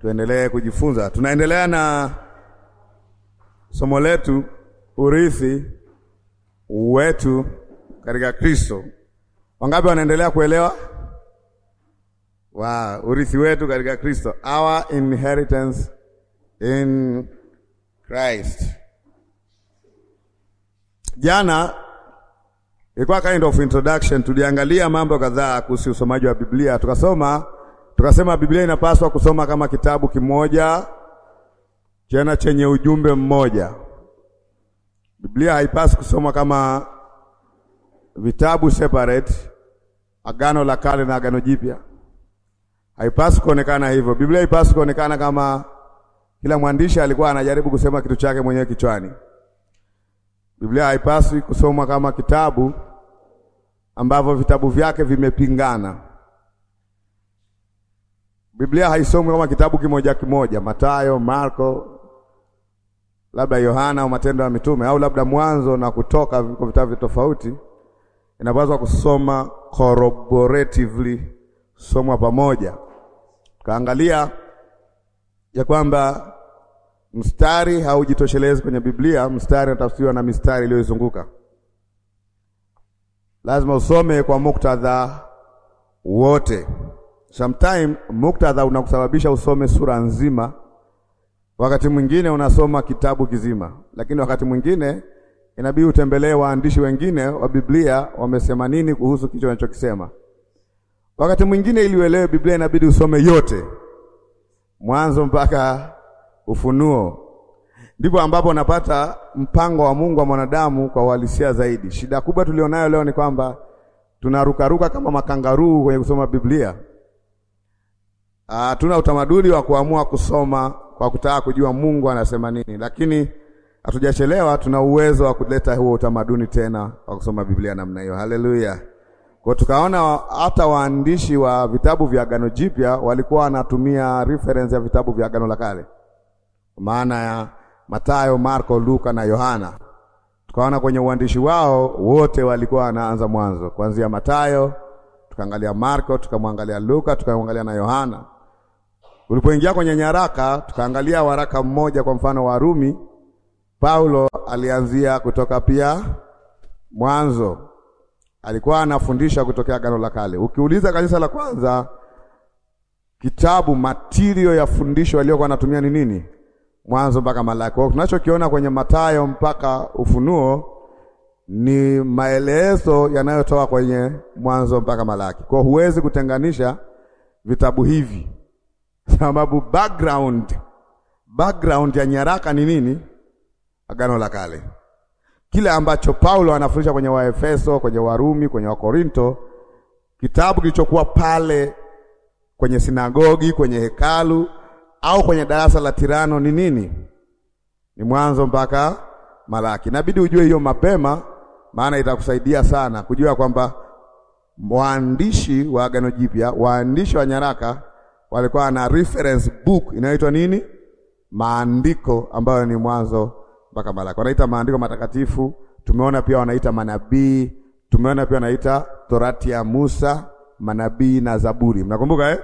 tuendelee kujifunza. Tunaendelea na somo letu urithi wetu katika Kristo. Wangapi wanaendelea kuelewa? Wa wow, urithi wetu katika Kristo, our inheritance in Christ. Jana ilikuwa kind of introduction, tuliangalia mambo kadhaa kuhusu usomaji wa Biblia, tukasoma Tukasema Biblia inapaswa kusoma kama kitabu kimoja tena chenye ujumbe mmoja. Biblia haipaswi kusoma kama vitabu separate, Agano la Kale na Agano Jipya. Haipaswi kuonekana hivyo. Biblia haipaswi kuonekana kama kila mwandishi alikuwa anajaribu kusema kitu chake mwenyewe kichwani. Biblia haipaswi kusoma kama kitabu ambavyo vitabu vyake vimepingana. Biblia haisomwi kama kitabu kimoja kimoja, Mathayo, Marko, labda Yohana au Matendo ya Mitume au labda Mwanzo na Kutoka, viko vitabu tofauti. Inapaswa kusoma corroboratively, somwa pamoja, kaangalia ya kwamba mstari haujitoshelezi kwenye Biblia. Mstari unatafsiriwa na mistari iliyoizunguka. Lazima usome kwa muktadha wote. Sometime muktadha unakusababisha usome sura nzima, wakati mwingine unasoma kitabu kizima, lakini wakati mwingine inabidi utembelee waandishi wengine wa Biblia wamesema nini kuhusu kicho anachokisema. Wakati mwingine ili uelewe Biblia inabidi usome yote, mwanzo mpaka Ufunuo. Ndipo ambapo unapata mpango wa Mungu wa mwanadamu kwa uhalisia zaidi. Shida kubwa tulionayo leo ni kwamba tunarukaruka kama makangaruu kwenye kusoma Biblia. Ah, tuna utamaduni wa kuamua kusoma kwa kutaka kujua Mungu anasema nini, lakini hatujachelewa. Tuna uwezo wa kuleta huo utamaduni tena wa kusoma Biblia namna hiyo. Haleluya! Kwa tukaona hata waandishi wa vitabu vya Agano Jipya walikuwa wanatumia reference ya vitabu vya Agano la Kale, maana ya Mathayo, Marko, Luka na Yohana. Tukaona kwenye uandishi wao wote walikuwa wanaanza mwanzo, kuanzia Mathayo, tukaangalia Marko, tukamwangalia Luka, tukamwangalia na Yohana ulipoingia kwenye nyaraka, tukaangalia waraka mmoja, kwa mfano Warumi, Paulo alianzia kutoka pia mwanzo, alikuwa anafundisha kutokea Agano la Kale. Ukiuliza kanisa la kwanza, kitabu matirio ya fundisho aliyokuwa anatumia ni nini? Mwanzo mpaka Malaki. Kwa tunachokiona kwenye matayo mpaka Ufunuo ni maelezo yanayotoka kwenye Mwanzo mpaka Malaki. Kwa huwezi kutenganisha vitabu hivi sababu background background ya nyaraka ni nini? Agano la Kale. Kile ambacho Paulo anafundisha kwenye Waefeso, kwenye Warumi, kwenye Wakorinto, kitabu kilichokuwa pale kwenye sinagogi, kwenye hekalu au kwenye darasa la Tirano ni nini? Ni Mwanzo mpaka Malaki. Inabidi ujue hiyo mapema, maana itakusaidia sana kujua kwamba mwandishi wa Agano Jipya, waandishi wa nyaraka walikuwa na reference book inaitwa nini? Maandiko ambayo ni Mwanzo mpaka Malaki, wanaita maandiko matakatifu. Tumeona pia wanaita manabii, tumeona pia wanaita torati ya Musa, manabii na Zaburi. Mnakumbuka eh?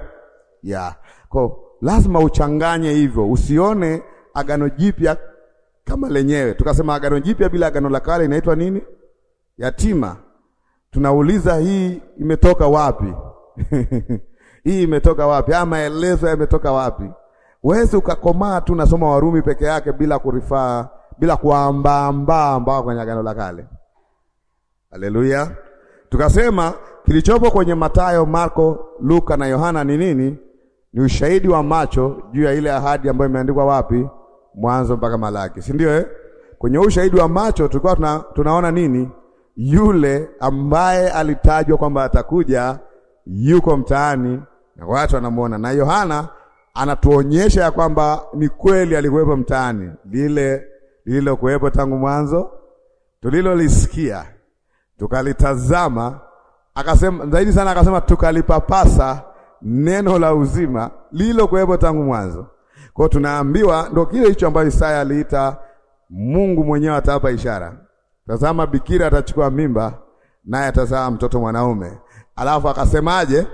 Yeah. Kwa lazima uchanganye hivyo, usione agano jipya kama lenyewe. Tukasema agano jipya bila agano la kale inaitwa nini? Yatima. Tunauliza hii imetoka wapi? hii imetoka wapi? Ama maelezo yametoka wapi? Huwezi ukakomaa tu nasoma Warumi peke yake bila kurifaa, bila kuambaambaa mpaka kwenye Agano la Kale. Haleluya! Tukasema kilichopo kwenye Mathayo, Marko, Luka na Yohana ni nini? Ni ushahidi wa macho juu ya ile ahadi ambayo imeandikwa wapi? Mwanzo mpaka Malaki, si ndio eh? Kwenye ushahidi wa macho tulikuwa tuna, tunaona nini? Yule ambaye alitajwa kwamba atakuja yuko mtaani na watu wanamwona, na Yohana anatuonyesha ya kwamba ni kweli alikuwepo mtaani, lile lililokuwepo tangu mwanzo, tulilolisikia tukalitazama, akasema zaidi sana, akasema tukalipapasa neno la uzima lililokuwepo tangu mwanzo. Kwa tunaambiwa ndio kile hicho ambacho Isaya aliita Mungu mwenyewe atawapa ishara. Tazama, bikira atachukua mimba naye atazaa mtoto mwanaume. Alafu akasemaje?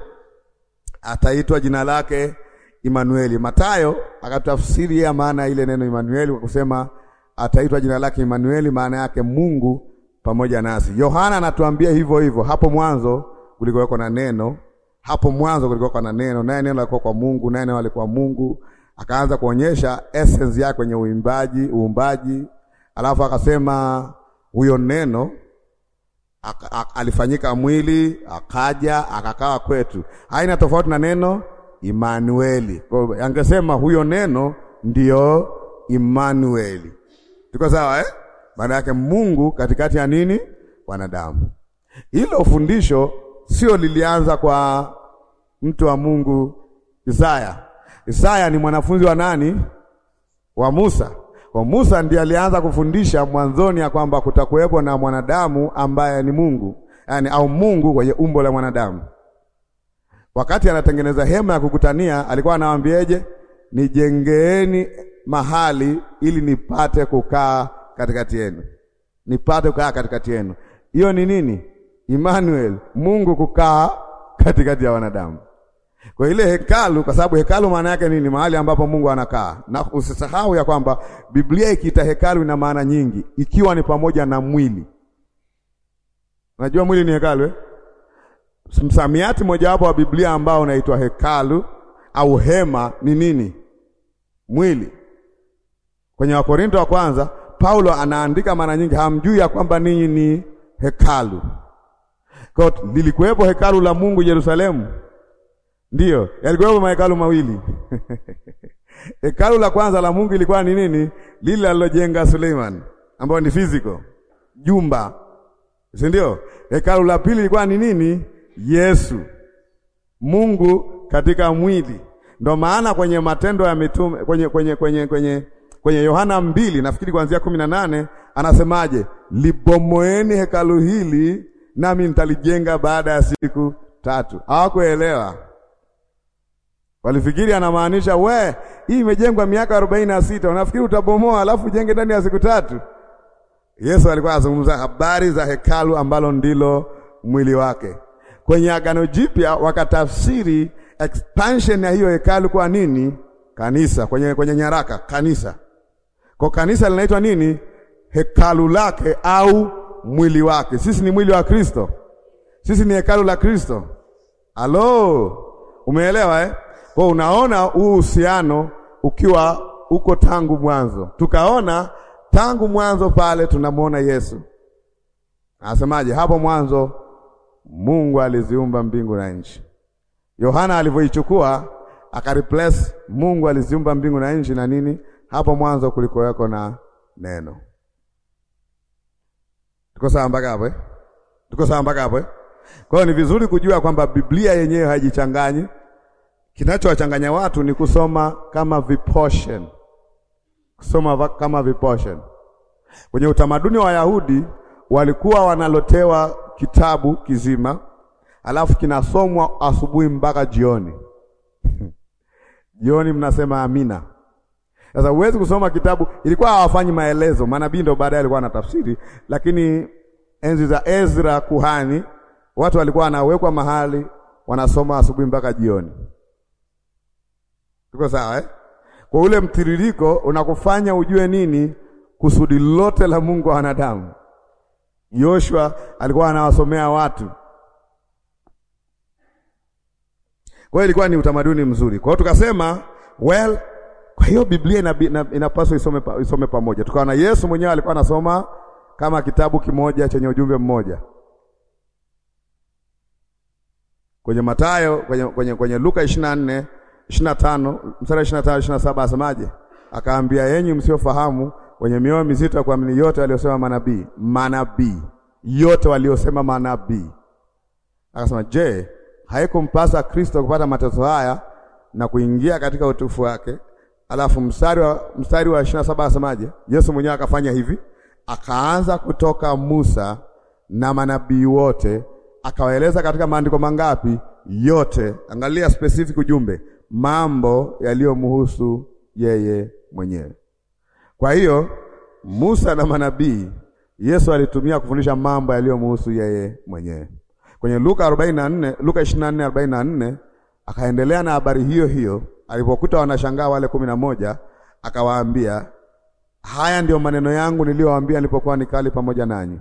ataitwa jina lake Immanueli. Matayo akatafsiri ya maana ile neno Immanueli kwa kusema ataitwa jina lake Immanueli, maana yake Mungu pamoja nasi. Yohana anatuambia hivyo hivyo, hapo mwanzo kulikuwa na neno, hapo mwanzo kulikuwa na neno, naye neno alikuwa kwa Mungu, naye neno alikuwa Mungu. Akaanza kuonyesha essence yake kwenye uimbaji, uumbaji, alafu akasema huyo neno alifanyika mwili akaja akakaa kwetu. Haina tofauti na neno Imanueli. Kwa angesema huyo neno ndiyo Imanueli, tuko sawa eh? Maana yake Mungu katikati ya nini? Wanadamu. Hilo fundisho sio lilianza kwa mtu wa Mungu Isaya. Isaya ni mwanafunzi wa nani? Wa Musa. Kwa Musa ndiye alianza kufundisha mwanzoni ya kwamba kutakuwepo na mwanadamu ambaye ni Mungu, yaani au Mungu kwenye umbo la mwanadamu. Wakati anatengeneza hema ya kukutania alikuwa anawaambieje? Nijengeeni mahali ili nipate kukaa katikati yenu, nipate kukaa katikati yenu. Hiyo ni nini? Emmanuel, Mungu kukaa katikati ya wanadamu. Kwa ile hekalu, kwa sababu hekalu maana yake nini? Mahali ambapo Mungu anakaa. Na usisahau ya kwamba Biblia ikiita hekalu ina maana nyingi, ikiwa ni pamoja na mwili. Unajua mwili ni hekalu eh? Msamiati mojawapo wa Biblia ambao unaitwa hekalu au hema ni nini? Mwili. Kwenye Wakorinto wa kwanza, Paulo anaandika mara nyingi, hamjui ya kwamba ninyi ni hekalu. Kwa lilikuwepo hekalu la Mungu Yerusalemu Ndiyo, yalikuwepo mahekalu mawili hekalu la kwanza la Mungu ilikuwa ni nini? Lile alilojenga Suleiman, ambayo ni physical jumba, si ndio? Hekalu la pili ilikuwa ni nini? Yesu, Mungu katika mwili. Ndio maana kwenye Matendo ya Mitume, kwenye kwenye kwenye kwenye kwenye Yohana mbili nafikiri kuanzia kumi na nane anasemaje? Libomoeni hekalu hili nami nitalijenga baada ya siku tatu. Hawakuelewa Walifikiri anamaanisha we, hii imejengwa miaka arobaini na sita, unafikiri utabomoa alafu ujenge ndani ya siku tatu? Yesu alikuwa anazungumza habari za hekalu ambalo ndilo mwili wake. Kwenye Agano Jipya wakatafsiri expansion ya hiyo hekalu kwa nini? Kanisa kwenye, kwenye nyaraka kanisa. Kwa kanisa linaitwa nini? Hekalu lake au mwili wake. Sisi ni mwili wa Kristo, sisi ni hekalu la Kristo. Halo, umeelewa eh? Kwa unaona huu uhusiano ukiwa uko tangu mwanzo, tukaona tangu mwanzo pale tunamwona Yesu anasemaje? Hapo mwanzo Mungu aliziumba mbingu na nchi. Yohana alivyoichukua akareplace Mungu aliziumba mbingu na nchi na nini? Hapo mwanzo kuliko yako na neno. Tuko sawa mpaka hapo eh? Tuko sawa mpaka hapo eh? Kwa hiyo ni vizuri kujua kwamba Biblia yenyewe haijichanganyi Kinachowachanganya watu ni kusoma kama viportion, kusoma kama viportion. Kwenye utamaduni wa Wayahudi walikuwa wanalotewa kitabu kizima, alafu kinasomwa asubuhi mpaka jioni. Jioni mnasema amina. Sasa huwezi kusoma kitabu, ilikuwa hawafanyi maelezo. Manabii ndio baadaye alikuwa na tafsiri, lakini enzi za Ezra kuhani, watu walikuwa wanawekwa mahali wanasoma asubuhi mpaka jioni. Tuko sawa eh? Kwa ule mtiririko unakufanya ujue nini kusudi lote la Mungu wa wanadamu. Yoshua alikuwa anawasomea watu, kwa hiyo ilikuwa ni utamaduni mzuri. Kwa hiyo tukasema well, kwa hiyo Biblia inapaswa isome, pa, isome pamoja. Tukaona Yesu mwenyewe alikuwa anasoma kama kitabu kimoja chenye ujumbe mmoja kwenye Mathayo, kwenye, kwenye, kwenye Luka ishirini na nne ishirini mstari asemaje? Akaambia, yenyi msiofahamu, wenye mioyo mizito ya kuamini yote waliosema manabii, manabii yote waliosema manabii. Akasema, je, haikumpasa Kristo kupata mateso haya na kuingia katika utukufu wake? Alafu mstari wa mstari wa 27 asemaje? Yesu mwenyewe akafanya hivi, akaanza kutoka Musa na manabii wote, akawaeleza katika maandiko mangapi? Yote. Angalia specific ujumbe mambo yaliyomhusu yeye mwenyewe. Kwa hiyo Musa na manabii, Yesu alitumia kufundisha mambo yaliyomhusu yeye mwenyewe. Kwenye Luka 44, Luka 24, 44 akaendelea na habari hiyo hiyo. Alipokuta wanashangaa wale kumi na moja, akawaambia haya ndiyo maneno yangu niliyowaambia nilipokuwa nikali pamoja nanyi,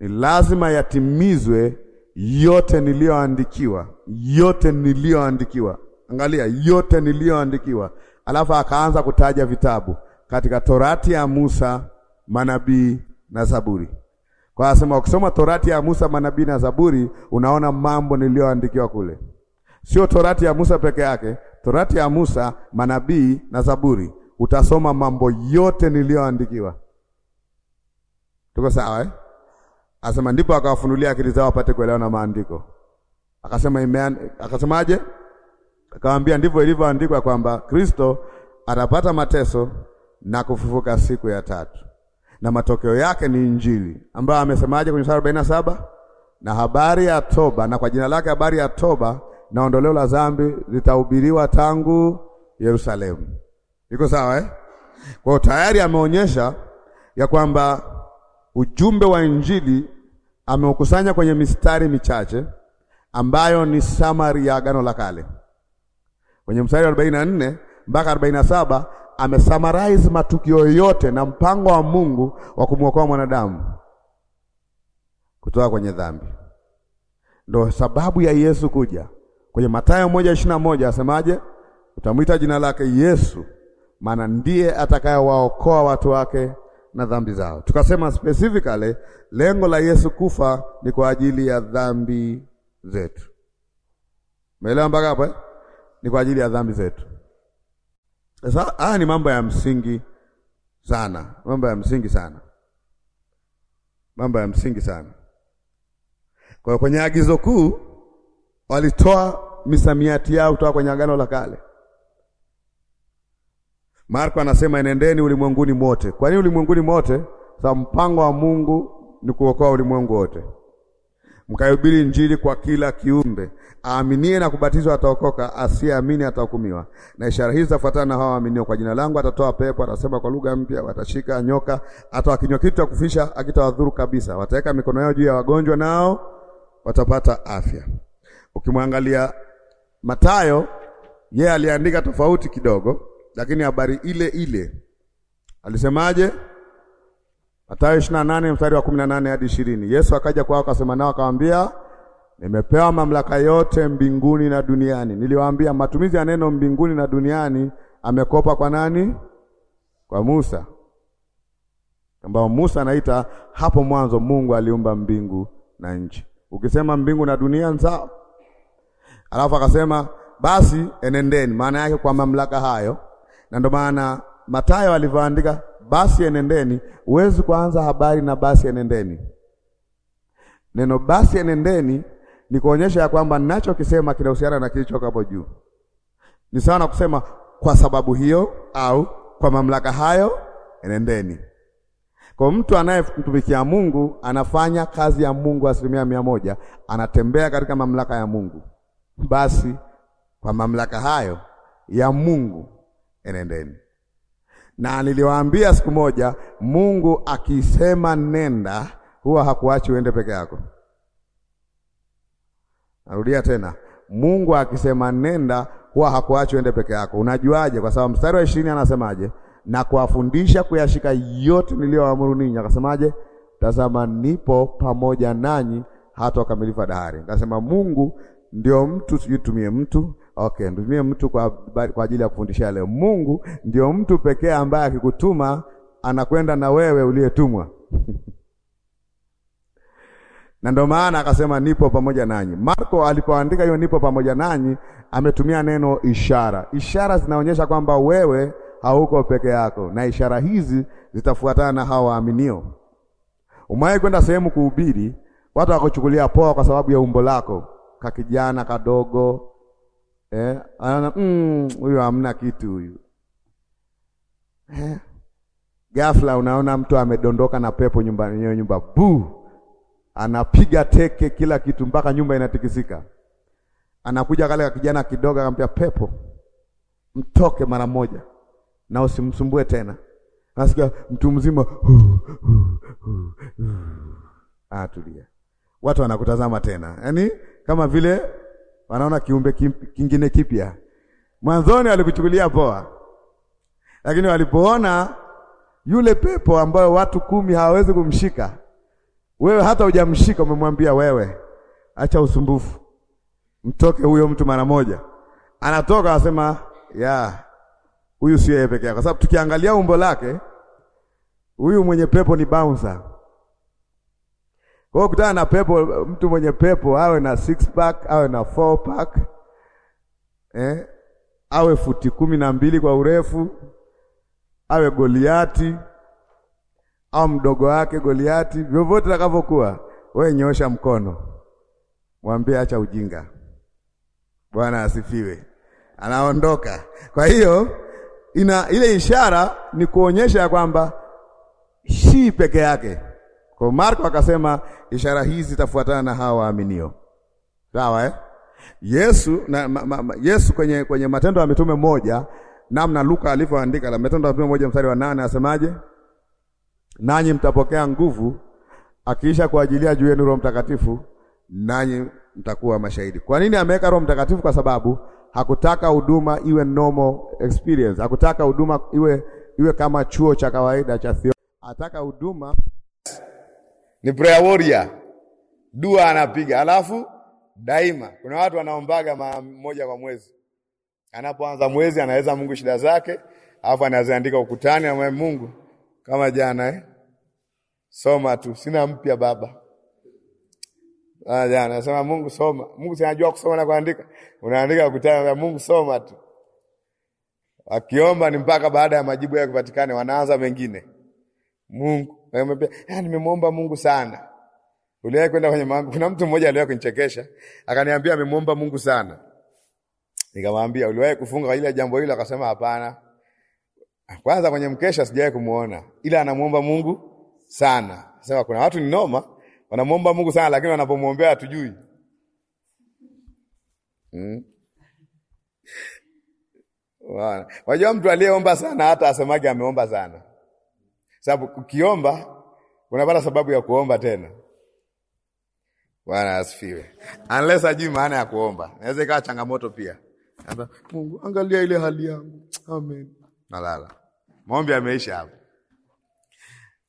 ni lazima yatimizwe yote niliyoandikiwa, yote niliyoandikiwa angalia yote niliyoandikiwa, alafu akaanza kutaja vitabu katika Torati ya Musa, manabii na Zaburi. Kwa asema ukisoma Torati ya Musa, manabii na Zaburi, unaona mambo niliyoandikiwa kule. Sio Torati ya Musa peke yake, Torati ya Musa, manabii na Zaburi, utasoma mambo yote niliyoandikiwa. Tuko sawa eh? Asema ndipo akawafunulia akili zao wapate kuelewa na maandiko. Akasema imean... akasemaje? Akamwambia, ndivyo ilivyoandikwa kwamba Kristo atapata mateso na kufufuka siku ya tatu, na matokeo yake ni Injili ambayo amesemaje kwenye sura na saba na habari ya toba, na kwa jina lake habari ya toba na ondoleo la dhambi litahubiriwa tangu Yerusalemu. Iko sawa eh? Kwa tayari ameonyesha ya kwamba ujumbe wa Injili ameukusanya kwenye mistari michache ambayo ni samari ya Agano la Kale kwenye mstari wa 44 mpaka 47 amesummarize matukio yote na mpango wa Mungu wa kumwokoa mwanadamu kutoka kwenye dhambi. Ndo sababu ya Yesu kuja. Kwenye Mathayo moja ishirini na moja asemaje? Utamwita jina lake Yesu, maana ndiye atakayewaokoa watu wake na dhambi zao. Tukasema specifically lengo la Yesu kufa ni kwa ajili ya dhambi zetu. Umeelewa mpaka hapa? Eh? ni kwa ajili ya dhambi zetu. Sasa haya ni mambo ya msingi sana, mambo ya msingi sana, mambo ya msingi sana. Kwa hiyo kwenye agizo kuu walitoa misamiati yao kutoka kwenye agano la kale. Marko anasema enendeni ulimwenguni mote. Kwa nini ulimwenguni mote? Sa mpango wa Mungu ni kuokoa ulimwengu wote, mkahubiri Injili kwa kila kiumbe aaminie na kubatizwa ataokoka, asiyeamini atahukumiwa. Na ishara hizi zitafuatana na hao waaminio, kwa jina langu atatoa pepo, atasema kwa lugha mpya, watashika nyoka, hata kinywa kitu cha kufisha akitawadhuru kabisa, wataweka mikono yao juu ya wagonjwa, nao watapata afya. Ukimwangalia Mathayo, yeye aliandika tofauti kidogo, lakini habari ile ile. Alisemaje? Mathayo 28 mstari wa 18 hadi 20. Yesu akaja kwao akasema nao akamwambia, nimepewa mamlaka yote mbinguni na duniani. Niliwaambia matumizi ya neno mbinguni na duniani amekopa kwa nani? Kwa Musa, ambao Musa anaita hapo mwanzo Mungu aliumba mbingu na nchi. Ukisema mbingu na dunia sawa, alafu akasema basi enendeni, maana yake kwa mamlaka hayo. Na ndio maana Mathayo alivyoandika basi enendeni, huwezi kuanza habari na basi enendeni. Neno basi enendeni ni kuonyesha ya kwamba ninachokisema kinahusiana na kilichoko hapo juu. Ni sawa na kusema kwa sababu hiyo au kwa mamlaka hayo enendeni. Kwa mtu anayemtumikia Mungu anafanya kazi ya Mungu asilimia mia moja, anatembea katika mamlaka ya Mungu. Basi kwa mamlaka hayo ya Mungu enendeni. Na niliwaambia siku moja, Mungu akisema nenda, huwa hakuachi uende peke yako. Narudia tena, Mungu akisema nenda, huwa hakuachi uende peke yako. Unajuaje? Kwa sababu mstari wa ishirini anasemaje? Na kuwafundisha kuyashika yote niliyoamuru ninyi. Akasemaje? Tazama, nipo pamoja nanyi hata ukamilifu dahari. Akasema Mungu ndio mtu, sijui tumie mtu Okay, ntumie mtu kwa, kwa ajili ya kufundisha leo. Mungu ndio mtu pekee ambaye akikutuma anakwenda na wewe uliyetumwa. na ndio maana akasema nipo pamoja nanyi. Marko alipoandika hiyo nipo pamoja nanyi, ametumia neno ishara. Ishara zinaonyesha kwamba wewe hauko peke yako, na ishara hizi zitafuatana na hawa waaminio. Umewahi kwenda sehemu kuhubiri, watu wakuchukulia poa kwa sababu ya umbo lako, kakijana kadogo, eh, anaona mm, huyu hamna kitu huyu eh. Ghafla unaona mtu amedondoka na pepo nyumbani, nyumba buu anapiga teke kila kitu mpaka nyumba inatikisika. Anakuja kale kijana kidogo, akamwambia pepo, mtoke mara moja na usimsumbue tena. Nasikia mtu mzima atulia, ah, watu wanakutazama tena, yaani kama vile wanaona kiumbe kingine kipya. Mwanzoni walikuchukulia poa, lakini walipoona yule pepo ambayo watu kumi hawawezi kumshika wewe hata hujamshika, umemwambia wewe, acha usumbufu, mtoke huyo mtu mara moja. Anatoka asema ya huyu sio yeye pekee, kwa sababu tukiangalia umbo lake huyu mwenye pepo ni bouncer. Kwa hiyo kutana na pepo, mtu mwenye pepo awe na six pack awe na four pack eh, awe futi kumi na mbili kwa urefu awe Goliati au mdogo wake Goliati, vyovyote takavyokuwa, wewe nyoosha mkono, mwambie acha ujinga. Bwana asifiwe, anaondoka. Kwa hiyo ina ile ishara ni kuonyesha kwamba shi peke yake. Kwa Marko akasema ishara hizi zitafuatana na hawa waaminio, sawa eh? Yesu na, ma, ma, Yesu kwenye, kwenye Matendo ya Mitume moja namna Luka alivyoandika la Matendo ya Mitume moja mstari wa nane asemaje? nanyi mtapokea nguvu akiisha kuajilia juu yenu Roho Mtakatifu, nanyi mtakuwa mashahidi. Kwa nini ameweka Roho Mtakatifu? Kwa sababu hakutaka huduma iwe normal experience, hakutaka huduma iwe iwe kama chuo cha kawaida cha theo, ataka huduma ni prayer warrior, dua anapiga, alafu daima kuna watu wanaombaga mara moja kwa mwezi. Anapoanza mwezi, anaweza Mungu shida zake, alafu anaziandika ukutani, amwambia Mungu kama jana eh? soma tu, sina mpya baba. Aya, ah, nasema Mungu soma, Mungu sinajua kusoma na kuandika, unaandika kutana Mungu soma tu. Akiomba ni mpaka baada ya majibu yake kupatikane wanaanza mengine. Mungu ah, nimemwomba Mungu sana. Uliye kwenda kwenye mangu. Kuna mtu mmoja aliye kunichekesha akaniambia amemwomba Mungu sana. Nikamwambia uliwahi kufunga kwa ajili ya jambo hilo? Akasema hapana, kwanza kwenye mkesha sijawahi kumuona, ila anamwomba Mungu sana. Sema kuna watu ni noma, wanamwomba Mungu sana, lakini wanapomwombea hatujui. hmm. Wajua, mtu aliyeomba sana hata asemaje ameomba sana, sababu ukiomba unapata sababu ya kuomba tena. Bwana asifiwe. Unless ajui maana ya kuomba, naweza ikawa changamoto pia. Mungu, angalia ile hali yangu, amen, nalala. Maombi ameisha hapo.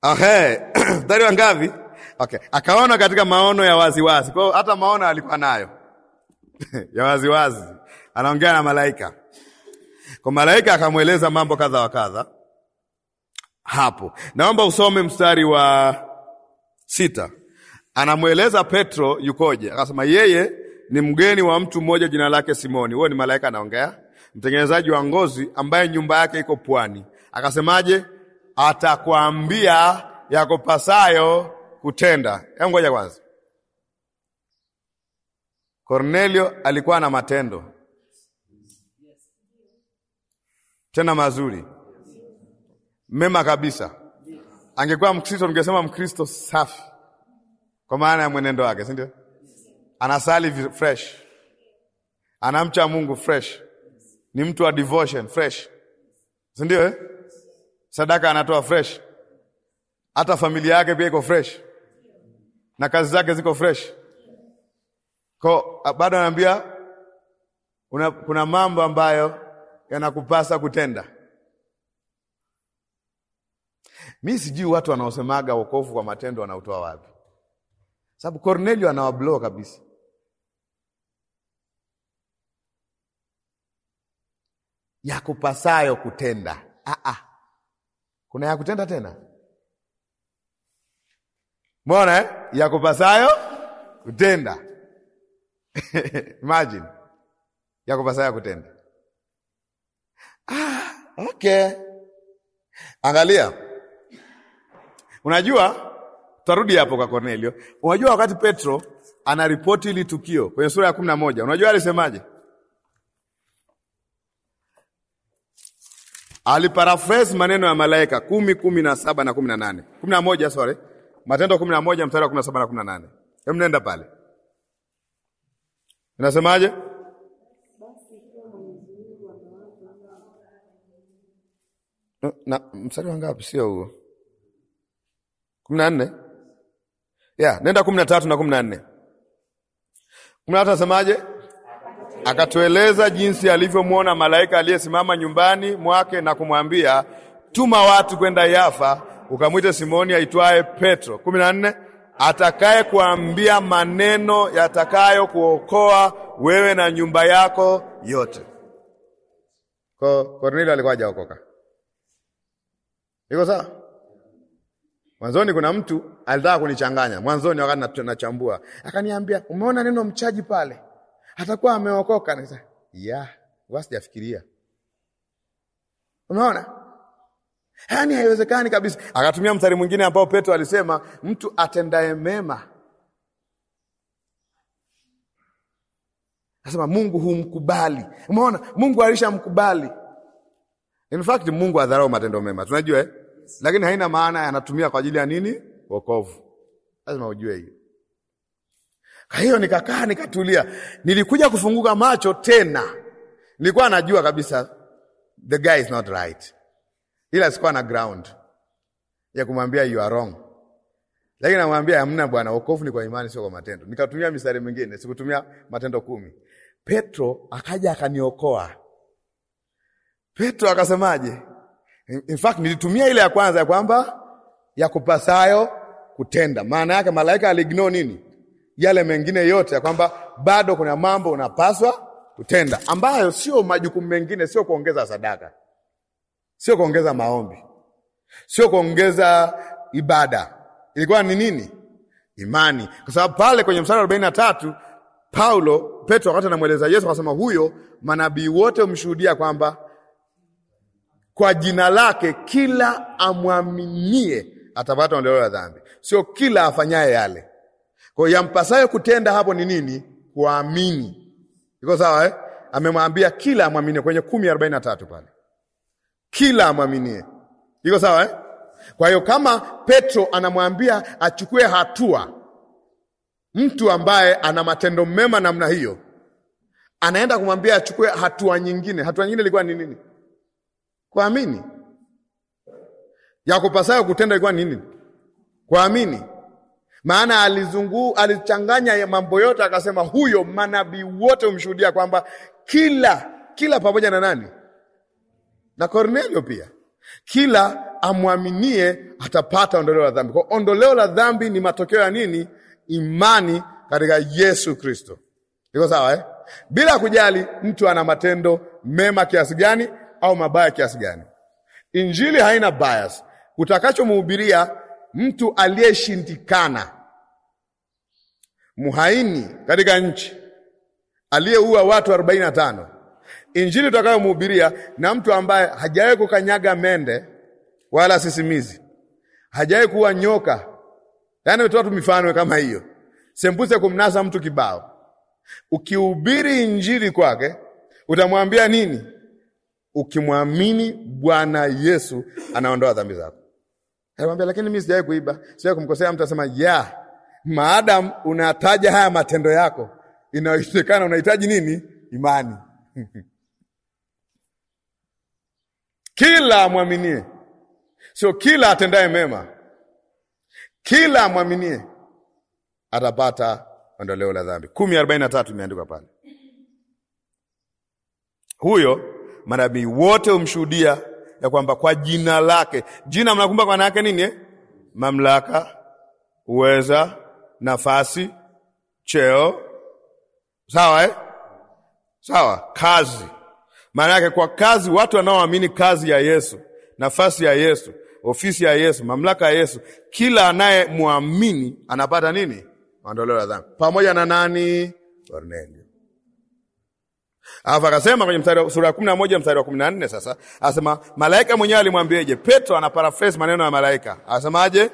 Mstari wa ngapi? Okay. Akaona katika maono ya waziwazi. Kwa hiyo hata maono alikuwa nayo. ya waziwazi. Anaongea na malaika. Kwa malaika akamweleza mambo kadha wa kadha. Hapo. Naomba usome mstari wa sita. Anamweleza Petro yukoje. Akasema yeye ni mgeni wa mtu mmoja jina lake Simoni. Huyo ni malaika anaongea, mtengenezaji wa ngozi ambaye nyumba yake iko pwani. Akasemaje? atakwambia yakupasayo kutenda. Hebu ngoja kwanza, Kornelio alikuwa na matendo tena mazuri mema kabisa. Angekuwa Mkristo ningesema Mkristo safi, kwa maana ya mwenendo wake, si ndio? Anasali fresh, anamcha Mungu fresh, ni mtu wa devotion fresh, si ndio eh? sadaka anatoa fresh, hata familia yake pia iko fresh na kazi zake ziko fresh. Ko bado anaambia kuna mambo ambayo yanakupasa kutenda. Mi sijui watu wanaosemaga wokovu kwa matendo wanautoa wapi, sababu Cornelio anawablow kabisa. Yakupasayo kutenda. Ah ah kuna ya kutenda tena, mbona eh? ya kupasayo kutenda imagine ya kupasayo kutenda. Ah, okay, angalia, unajua tutarudi hapo kwa Cornelio. Unajua wakati Petro anaripoti ili tukio kwenye sura ya kumi na moja, unajua alisemaje? Aliparaphrase maneno ya malaika kumi kumi na saba na kumi na nane kumi na moja sorry, Matendo kumi na moja mstari wa kumi na saba na kumi na nane Hem, nenda pale, inasemaje? na mstari wa ngapi? Sio huo kumi na nne ya nenda kumi na tatu na kumi na nne kumi na tatu nasemaje? akatueleza jinsi alivyomwona malaika aliyesimama nyumbani mwake na kumwambia, tuma watu kwenda Yafa ukamwite Simoni aitwaye Petro. kumi na nne atakaye kuambia maneno yatakayo kuokoa wewe na nyumba yako yote. Ko Kornelio alikuwa hajaokoka, iko sawa? Mwanzoni kuna mtu alitaka kunichanganya mwanzoni, wakati nachambua, akaniambia umeona neno mchaji pale atakuwa ameokoka nisa ya wasijafikiria unaona yani haiwezekani kabisa akatumia mstari mwingine ambao Petro alisema mtu atendaye mema asema Mungu humkubali. Umeona? Mungu alishamkubali. In fact Mungu adharau matendo mema. Tunajua eh? Lakini haina maana anatumia kwa ajili ya nini? Wokovu. Lazima ujue hiyo. Kwa hiyo nikakaa nikatulia, nilikuja kufunguka macho tena, nilikuwa najua kabisa the guy is not right, ila sikuwa na ground ya kumwambia you are wrong, lakini namwambia amna bwana, wokovu ni kwa imani, sio kwa matendo. Nikatumia mistari mingine, sikutumia Matendo kumi. Petro akaja akaniokoa. Petro akasemaje? In fact nilitumia ile ya kwanza ya kwamba ya kupasayo kutenda, maana yake malaika alignore nini yale mengine yote, ya kwamba bado kuna mambo unapaswa kutenda ambayo sio majukumu mengine, sio kuongeza sadaka, sio kuongeza maombi, sio kuongeza ibada. Ilikuwa ni nini? Imani. Kwa sababu pale kwenye mstari arobaini na tatu Paulo Petro wakati anamweleza Yesu akasema, huyo manabii wote humshuhudia kwamba kwa jina lake kila amwaminie atapata ondoleo la dhambi, sio kila afanyaye yale kwa yampasayo kutenda hapo ni nini? Kuamini. Iko sawa eh? Amemwambia kila amwaminie kwenye 10:43 pale, kila amwaminie. Iko sawa eh? Kwa hiyo kama Petro anamwambia achukue hatua, mtu ambaye ana matendo mema namna hiyo anaenda kumwambia achukue hatua nyingine. Hatua nyingine ilikuwa ni nini? Kuamini. Yakupasayo kutenda ilikuwa ni nini? Kuamini maana alizungu alichanganya mambo yote, akasema huyo manabii wote umshuhudia kwamba kila kila pamoja na nani na Kornelio pia kila amwaminie atapata ondoleo la dhambi. Kwa ondoleo la dhambi ni matokeo ya nini? Imani katika Yesu Kristo. Iko sawa eh? Bila kujali mtu ana matendo mema kiasi gani au mabaya kiasi gani. Injili haina bias. Utakachomhubiria mtu aliyeshindikana, muhaini katika nchi, aliyeua watu arobaini na tano. Injili tutakayomhubiria na mtu ambaye hajawahi kukanyaga mende wala sisimizi, hajawahi kuwa nyoka. Yaani watu mifano kama hiyo, sembuse kumnasa mtu kibao. Ukihubiri injili kwake utamwambia nini? Ukimwamini Bwana Yesu anaondoa dhambi zako. Anamwambia lakini mimi sijawahi kuiba, sijawahi kumkosea mtu. asema ya, maadamu unataja haya matendo yako, inawezekana unahitaji nini? Imani. Kila amwaminie, sio kila atendaye mema, kila amwaminie atapata ondoleo la dhambi. kumi arobaini na tatu imeandikwa pale, huyo manabii wote humshuhudia ya kwamba kwa jina lake. Jina mnakumbuka maana yake nini eh? Mamlaka, uweza, nafasi, cheo, sawa eh? Sawa, kazi. Maana yake kwa kazi, watu wanaoamini kazi ya Yesu, nafasi ya Yesu, ofisi ya Yesu, mamlaka ya Yesu, kila anayemwamini anapata nini? Maondoleo ya dhambi, pamoja na nani? Kornelio. Alafu akasema kwenye mstari sura ya kumi na moja mstari wa kumi na nne sasa asema malaika mwenyewe alimwambieje? Petro anaparaphrase maneno ya malaika, asemaje?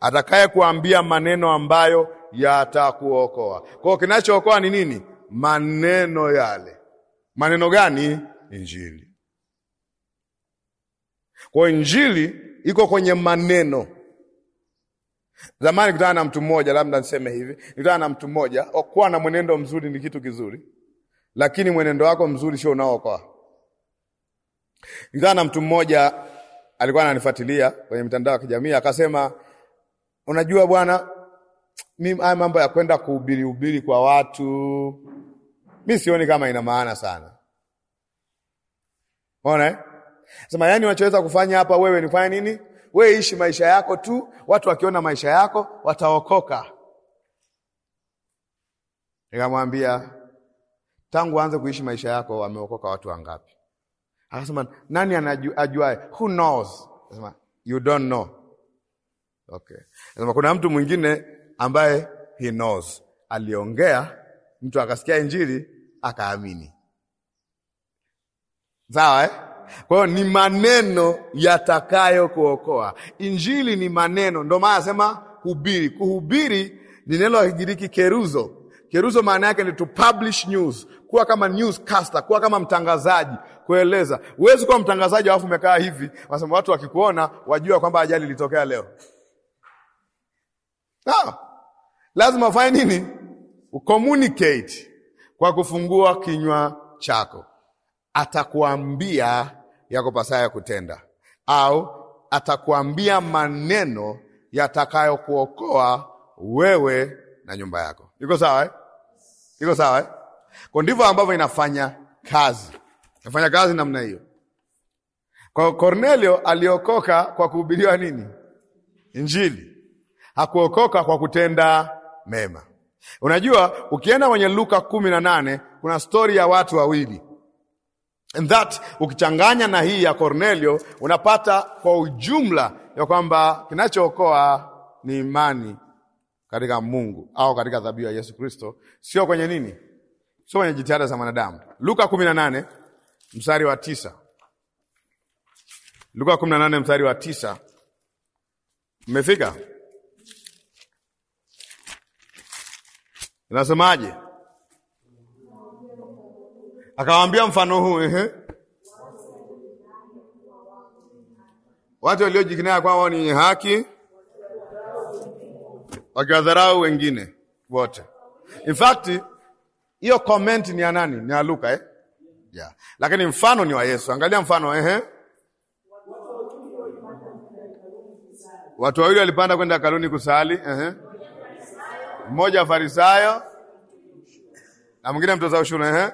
Atakaye kuambia maneno ambayo yatakuokoa. Kwa hiyo kinachookoa ni nini? Maneno yale. Maneno gani? Injili. Kwa injili iko kwenye maneno. Zamani kutana na mtu mmoja, labda niseme hivi, nikutana na mtu mmoja, kuwa na mwenendo mzuri ni kitu kizuri lakini mwenendo wako mzuri sio unaookoa. Nikutana na mtu mmoja alikuwa ananifuatilia kwenye mitandao ya kijamii akasema, unajua bwana, mimi haya mambo ya kwenda kuhubiri hubiri kwa watu mi sioni kama ina maana sana. Ona eh? Sema yani unachoweza kufanya hapa wewe ni fanya nini? Wewe ishi maisha yako tu, watu wakiona maisha yako wataokoka. Nikamwambia tangu anze kuishi maisha yako ameokoka watu wangapi? Akasema nani anajuae? Who knows? Akasema you don't know. Okay. Akasema kuna mtu mwingine ambaye he knows, aliongea mtu akasikia injili akaamini. Sawa eh? Kwa hiyo ni maneno yatakayo kuokoa. Injili ni maneno, ndio maana asema hubiri. Kuhubiri ni neno la Kigiriki keruzo. Keruzo maana yake ni to publish news, kuwa kama newscaster, kuwa kama mtangazaji, kueleza. Huwezi kuwa mtangazaji alafu umekaa hivi, wasema watu wakikuona wajua kwamba ajali ilitokea leo. Ah, lazima ufanye nini? Ucommunicate kwa kufungua kinywa chako, atakuambia yako pasayo kutenda, au atakuambia maneno yatakayokuokoa wewe na nyumba yako. Iko sawa eh? Iko sawa eh? Kwa ndivyo ambavyo inafanya kazi, inafanya kazi namna hiyo. Kwa Kornelio aliokoka kwa kuhubiriwa nini? Injili. Hakuokoka kwa kutenda mema. Unajua, ukienda kwenye Luka kumi na nane kuna stori ya watu wawili And that ukichanganya na hii ya Cornelio unapata kwa ujumla ya kwamba kinachookoa ni imani katika Mungu au katika dhabihu ya Yesu Kristo, sio kwenye nini, sio kwenye jitihada za mwanadamu. Luka kumi na nane mstari wa tisa. Luka kumi na nane mstari wa tisa. Mmefika? Inasemaje? Akawaambia mfano huu, ehe, watu waliojikinaa kwamba ni haki wakiwadharau wengine wote. In fact hiyo comment ni ya nani? Ni ya Luka eh? Yeah. Lakini mfano ni wa Yesu. Angalia mfano ehe. Watu wawili walipanda kwenda hekaluni kusali, ehe. Mmoja Farisayo na mwingine mtoza ushuru, ehe.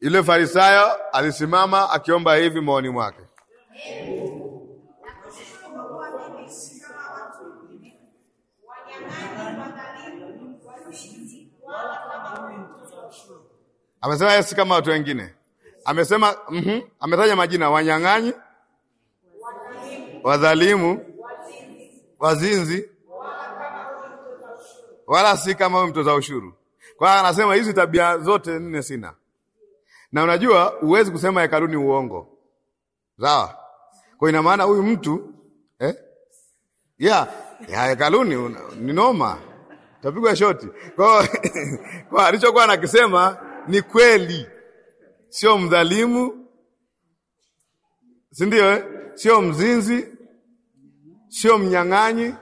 Yule Farisayo alisimama akiomba hivi moyoni mwake. Amen. Amesema Yesu kama watu wengine, amesema mm -hmm. Ametaja majina: wanyang'anyi, wadhalimu, wazinzi, wala si kama huyu mtoza ushuru. Kwa hiyo anasema hizi tabia zote nne sina, na unajua huwezi kusema hekaluni uongo, sawa? Kwa ina maana huyu mtu eh? yeah. ya hekaluni ni noma, tapigwa shoti kwa alichokuwa anakisema ni kweli, sio mdhalimu, si ndio eh? Sio mzinzi, sio mnyang'anyi,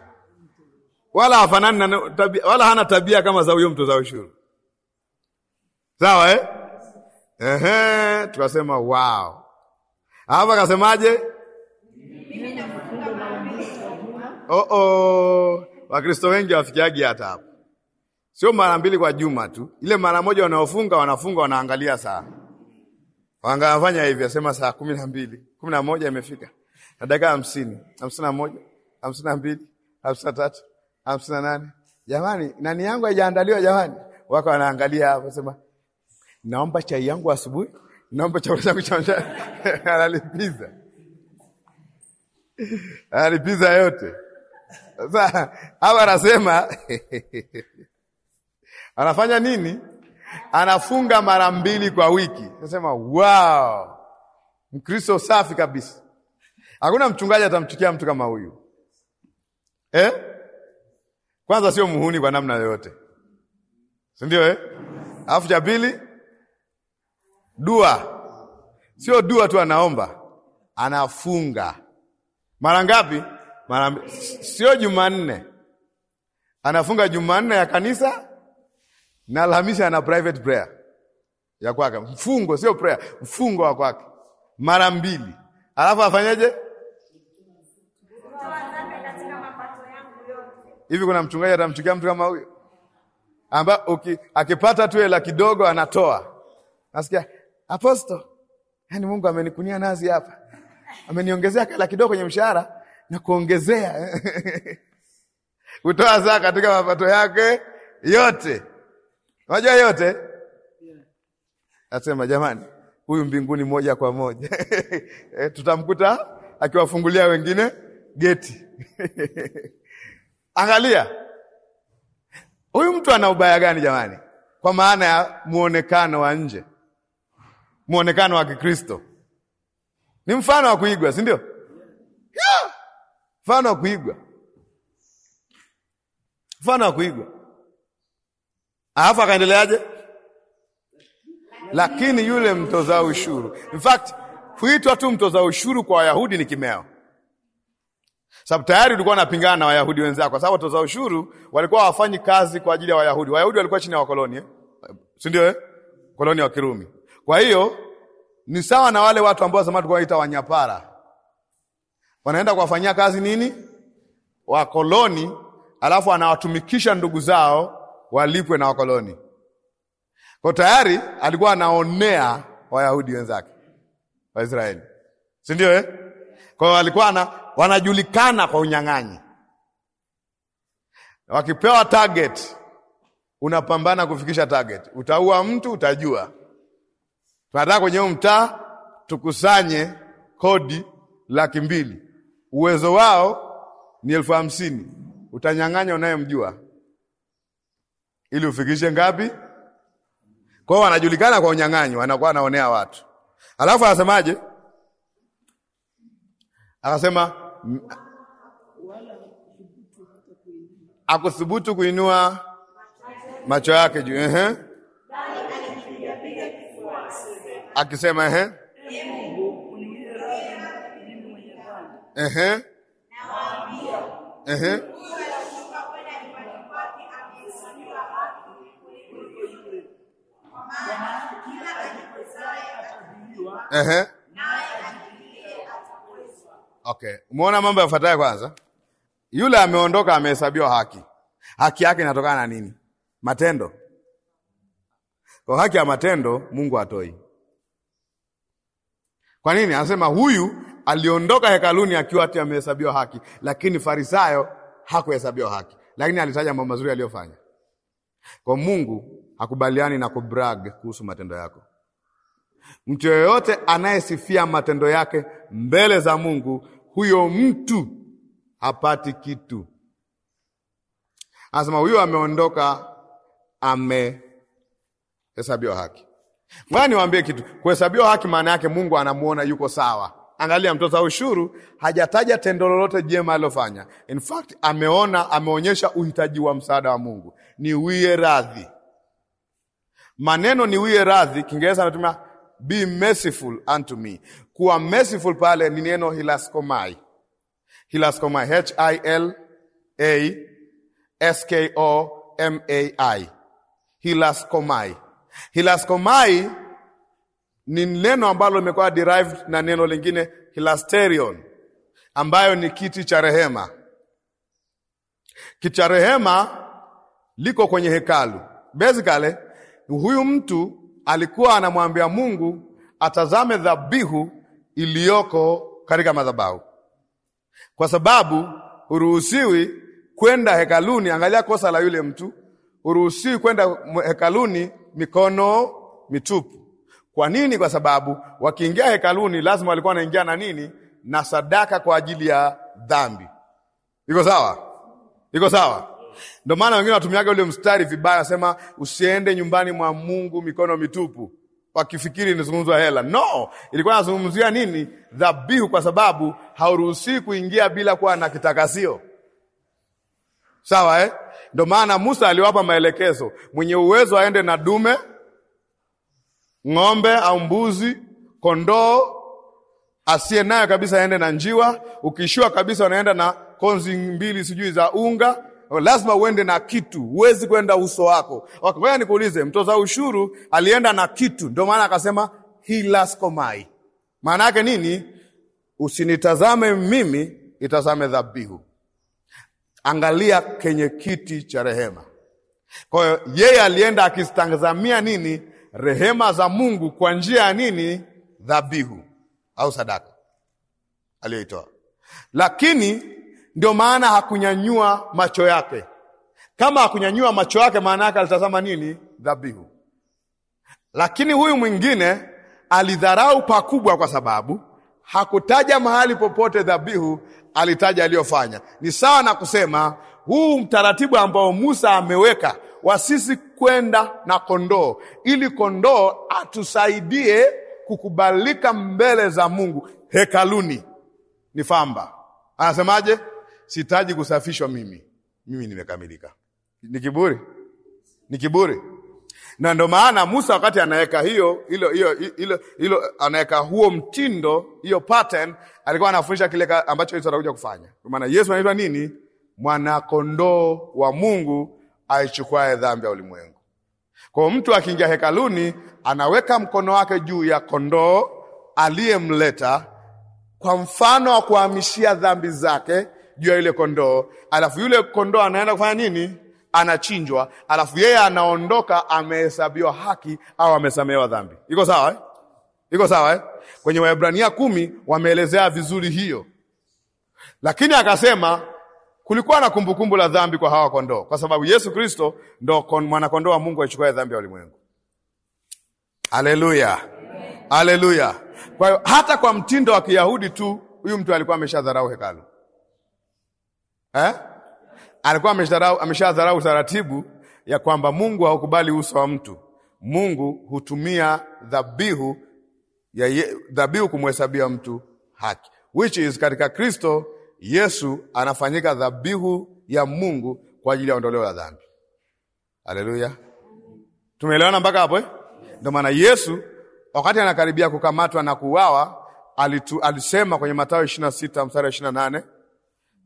wala hafanani na tabia, wala hana tabia kama za huyo mtoza ushuru. Sawa eh? Ehe, tukasema wow. Hapa kasemaje? Oh, oh. Wakristo wengi wafikiagi hata hapo sio mara mbili kwa juma tu, ile mara moja wanaofunga wanafunga, wanaangalia saa, wangafanya hivi, asema saa kumi na mbili kumi na moja imefika na dakika hamsini hamsini na moja hamsini na mbili hamsini na tatu hamsini na nane Jamani, nani yangu haijaandaliwa jamani? Wako wanaangalia hapo, sema naomba chai yangu asubuhi, naomba chakula changu cha mchana. Analipiza, analipiza yote. Sasa hapa anasema anafanya nini? Anafunga mara mbili kwa wiki. Nasema wow, Mkristo safi kabisa. Hakuna mchungaji atamchukia mtu kama huyu eh? Kwanza sio muhuni kwa namna yoyote, sindio eh? Alafu cha pili, dua sio dua tu, anaomba anafunga mara ngapi? Mara sio Jumanne, anafunga Jumanne ya kanisa na Alhamisi ana private prayer ya kwake, mfungo sio prayer, mfungo wa kwake mara mbili, alafu afanyeje hivi? Kuna mchungaji atamchukia mtu kama huyo amba okay, akipata tu hela kidogo anatoa, nasikia aposto, yani Mungu amenikunia nazi hapa, ameniongezea hela kidogo kwenye mshahara na kuongezea utoa zaka katika mapato yake yote Unajua yote nasema, jamani, huyu mbinguni moja kwa moja e, tutamkuta akiwafungulia wengine geti angalia, huyu mtu ana ubaya gani jamani? Kwa maana ya muonekano wa nje, muonekano wa Kikristo ni mfano wa kuigwa, si ndio? Mfano wa kuigwa, mfano wa kuigwa alafu akaendeleaje? Lakini yule mtoza ushuru, in fact huitwa tu mtoza ushuru kwa Wayahudi ni kimeo, sababu tayari ulikuwa unapingana na Wayahudi wenzako, kwa sababu watoza ushuru walikuwa hawafanyi kazi kwa ajili ya Wayahudi. Wayahudi walikuwa chini ya wakoloni eh? si ndio eh? koloni wa Kirumi. Kwa hiyo ni sawa na wale watu ambao zamani tulikuwa wanyapara, wanaenda kuwafanyia kazi nini wakoloni, alafu anawatumikisha ndugu zao walipwe na wakoloni. Kwa tayari alikuwa anaonea Wayahudi wenzake Waisraeli, si ndio eh? Kwa hiyo walikuwa na wanajulikana kwa unyang'anyi, wakipewa target unapambana kufikisha target. Utaua mtu utajua, tunataka kwenye huu mtaa tukusanye kodi laki mbili, uwezo wao ni elfu hamsini. Utanyang'anya unayemjua ili ufikishe ngapi? Kwa hiyo wanajulikana kwa unyang'anyi, wanakuwa wanaonea watu. Alafu anasemaje? Akasema akuthubutu kuinua macho yake juu, -huh. akisema -huh. Uh -huh. Ehe. Okay, umeona mambo yafuatayo. Kwanza, yule ameondoka, amehesabiwa haki. Haki yake inatokana na nini? Matendo. Kwa haki ya matendo Mungu atoi. Kwa nini? Anasema huyu aliondoka hekaluni akiwa ati amehesabiwa haki, lakini Farisayo hakuhesabiwa haki, lakini alitaja mambo mazuri aliyofanya. Kwa Mungu hakubaliani na kubrag kuhusu matendo yako. Mtu yoyote anayesifia matendo yake mbele za Mungu, huyo mtu hapati kitu. Anasema huyo ameondoka, amehesabiwa haki. Ngoja niwaambie kitu. Kuhesabiwa haki maana yake Mungu anamuona yuko sawa. Angalia, mtoza ushuru hajataja tendo lolote jema alilofanya. In fact, ameona ameonyesha uhitaji wa msaada wa Mungu. Niwie radhi, maneno niwie radhi, Kiingereza anatumia be merciful unto me. Kuwa merciful pale ni neno hilaskomai, hilaskomai, H I L A S K O M A I, hilaskomai. Hilaskomai ni neno ambalo limekuwa derived na neno lingine hilasterion, ambayo ni kiti cha rehema. Kiti cha rehema liko kwenye hekalu. Basically, huyu mtu alikuwa anamwambia Mungu atazame dhabihu iliyoko katika madhabahu, kwa sababu huruhusiwi kwenda hekaluni. Angalia kosa la yule mtu, huruhusiwi kwenda hekaluni mikono mitupu. Kwa nini? Kwa sababu wakiingia hekaluni lazima walikuwa wanaingia na nini? Na sadaka kwa ajili ya dhambi. Iko sawa? Iko sawa? Ndio maana wengine watumiaga ule mstari vibaya, sema usiende nyumbani mwa Mungu mikono mitupu, wakifikiri inazungumzwa hela. No, ilikuwa nazungumzia nini? Dhabihu, kwa sababu hauruhusii kuingia bila kuwa na kitakasio. Sawa eh? Ndio maana Musa aliwapa maelekezo, mwenye uwezo aende na dume, ng'ombe au mbuzi, kondoo asiye nayo kabisa aende na njiwa. Ukishua kabisa, unaenda na konzi mbili sijui za unga, Oh, lazima uende na kitu, huwezi kwenda uso wako. Ngoja nikuulize, mtoza ushuru alienda na kitu, ndio maana akasema hilaskomai. Maana yake nini? Usinitazame mimi, itazame dhabihu. Angalia kenye kiti cha rehema. Kwa hiyo yeye alienda akizitazamia nini? Rehema za Mungu kwa njia ya nini? Dhabihu au sadaka aliyoitoa, lakini ndio maana hakunyanyua macho yake. Kama hakunyanyua macho yake, maana yake alitazama nini? Dhabihu. Lakini huyu mwingine alidharau pakubwa, kwa sababu hakutaja mahali popote dhabihu, alitaja aliyofanya. Ni sawa na kusema huu mtaratibu ambao Musa ameweka wa sisi kwenda na kondoo, ili kondoo atusaidie kukubalika mbele za Mungu hekaluni, ni famba. Anasemaje? sitaji kusafishwa mimi, mimi nimekamilika. Ni kiburi, ni kiburi. Na ndo maana Musa wakati anaweka hiyo hilo hiyo hilo hilo, anaweka huo mtindo, hiyo pattern, alikuwa anafundisha kile ambacho Yesu atakuja kufanya. Kwa maana Yesu anaitwa nini? Mwana kondoo wa Mungu aichukuae dhambi ya ulimwengu. Kwa mtu akiingia hekaluni, anaweka mkono wake juu ya kondoo aliyemleta kwa mfano wa kuhamishia dhambi zake juu ya yule kondoo, alafu yule kondoo anaenda kufanya nini? Anachinjwa, alafu yeye anaondoka amehesabiwa haki au amesamehewa dhambi. Iko sawa eh? Iko sawa eh? Kwenye Waebrania kumi wameelezea vizuri hiyo, lakini akasema kulikuwa na kumbukumbu la dhambi kwa hawa kondoo, kwa sababu Yesu Kristo ndo mwanakondoo wa Mungu aichukua dhambi ya ulimwengu. Haleluya, haleluya! Kwa hiyo hata kwa mtindo wa Kiyahudi tu huyu mtu alikuwa ameshadharau hekalu eh? alikuwa ameshadharau taratibu ya kwamba Mungu haukubali uso wa mtu. Mungu hutumia dhabihu ya dhabihu kumhesabia mtu haki, which is katika Kristo Yesu anafanyika dhabihu ya Mungu kwa ajili ya ondoleo la dhambi. Haleluya, tumeelewana mpaka hapo eh? Ndio maana Yesu wakati anakaribia kukamatwa na kuuawa alisema kwenye Mathayo 26 sita mstari wa na nane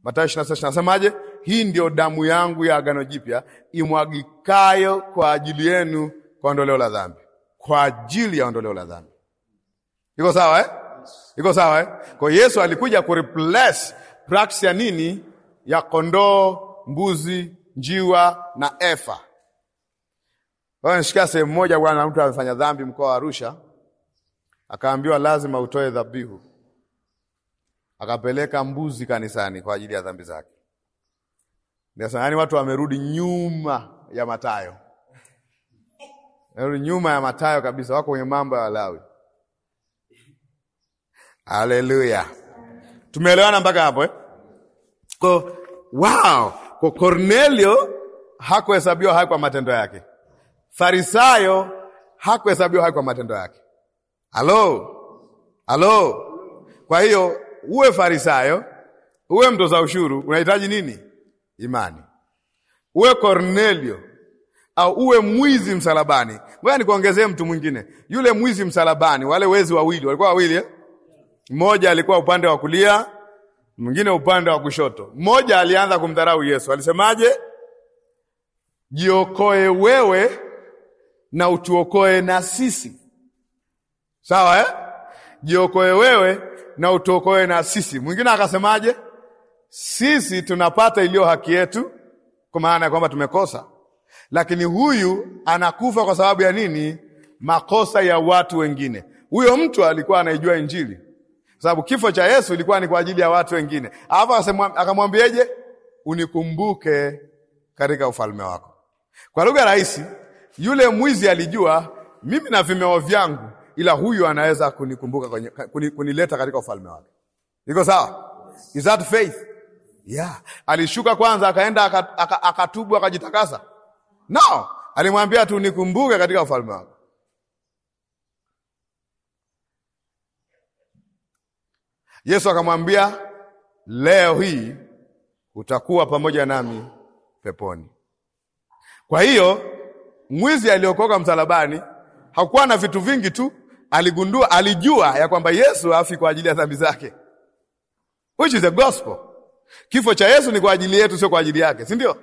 Mathayo 26 nasemaje? Hii ndio damu yangu ya agano jipya imwagikayo kwa ajili yenu kwa ondoleo la dhambi, kwa ajili ya ondoleo la dhambi. Iko sawa eh? Iko sawa eh? Kwa Yesu alikuja ku replace practice ya nini? Ya kondoo, mbuzi, njiwa na efa. Nishika sehemu moja, bwana mtu amefanya dhambi mkoa wa Arusha, akaambiwa lazima utoe dhabihu akapeleka mbuzi kanisani kwa ajili ya dhambi zake. Yaani watu wamerudi nyuma ya matayo wamerudi nyuma ya matayo kabisa, wako kwenye mambo ya Walawi. Haleluya, tumeelewana mpaka hapo eh? Ko, wow, Kornelio hakuhesabiwa hai kwa matendo yake. Farisayo hakuhesabiwa hai kwa matendo yake. Halo, halo. Kwa hiyo uwe farisayo, uwe mtoza ushuru, unahitaji nini? Imani. Uwe Kornelio au uwe mwizi msalabani. Ngoja nikuongezee mtu mwingine, yule mwizi msalabani. Wale wezi wawili walikuwa wawili, eh? mmoja alikuwa upande wa kulia, mwingine upande wa kushoto. Mmoja alianza kumdharau Yesu, alisemaje? Jiokoe wewe na utuokoe na sisi. Sawa eh? Jiokoe wewe na utuokoe na sisi. Mwingine akasemaje? Sisi tunapata iliyo haki yetu, kwa maana ya kwamba tumekosa, lakini huyu anakufa kwa sababu ya nini? Makosa ya watu wengine. Huyo mtu alikuwa anaijua Injili kwa sababu kifo cha Yesu ilikuwa ni kwa ajili ya watu wengine. Alafu akamwambieje? Unikumbuke katika ufalme wako. Kwa lugha rahisi, yule mwizi alijua mimi na vimeo vyangu ila huyu anaweza kunikumbuka kwenye, kunileta katika ufalme wake. Iko sawa? Is that faith? Yeah. Alishuka kwanza akaenda akatubu akajitakasa? No, alimwambia tu nikumbuke katika ufalme wako. Yesu akamwambia leo hii utakuwa pamoja nami peponi. Kwa hiyo mwizi aliokoka msalabani hakuwa na vitu vingi tu, aligundua, alijua ya kwamba Yesu afi kwa ajili ya dhambi zake, which is the gospel. Kifo cha Yesu ni kwa ajili yetu, sio kwa ajili yake, si ndio?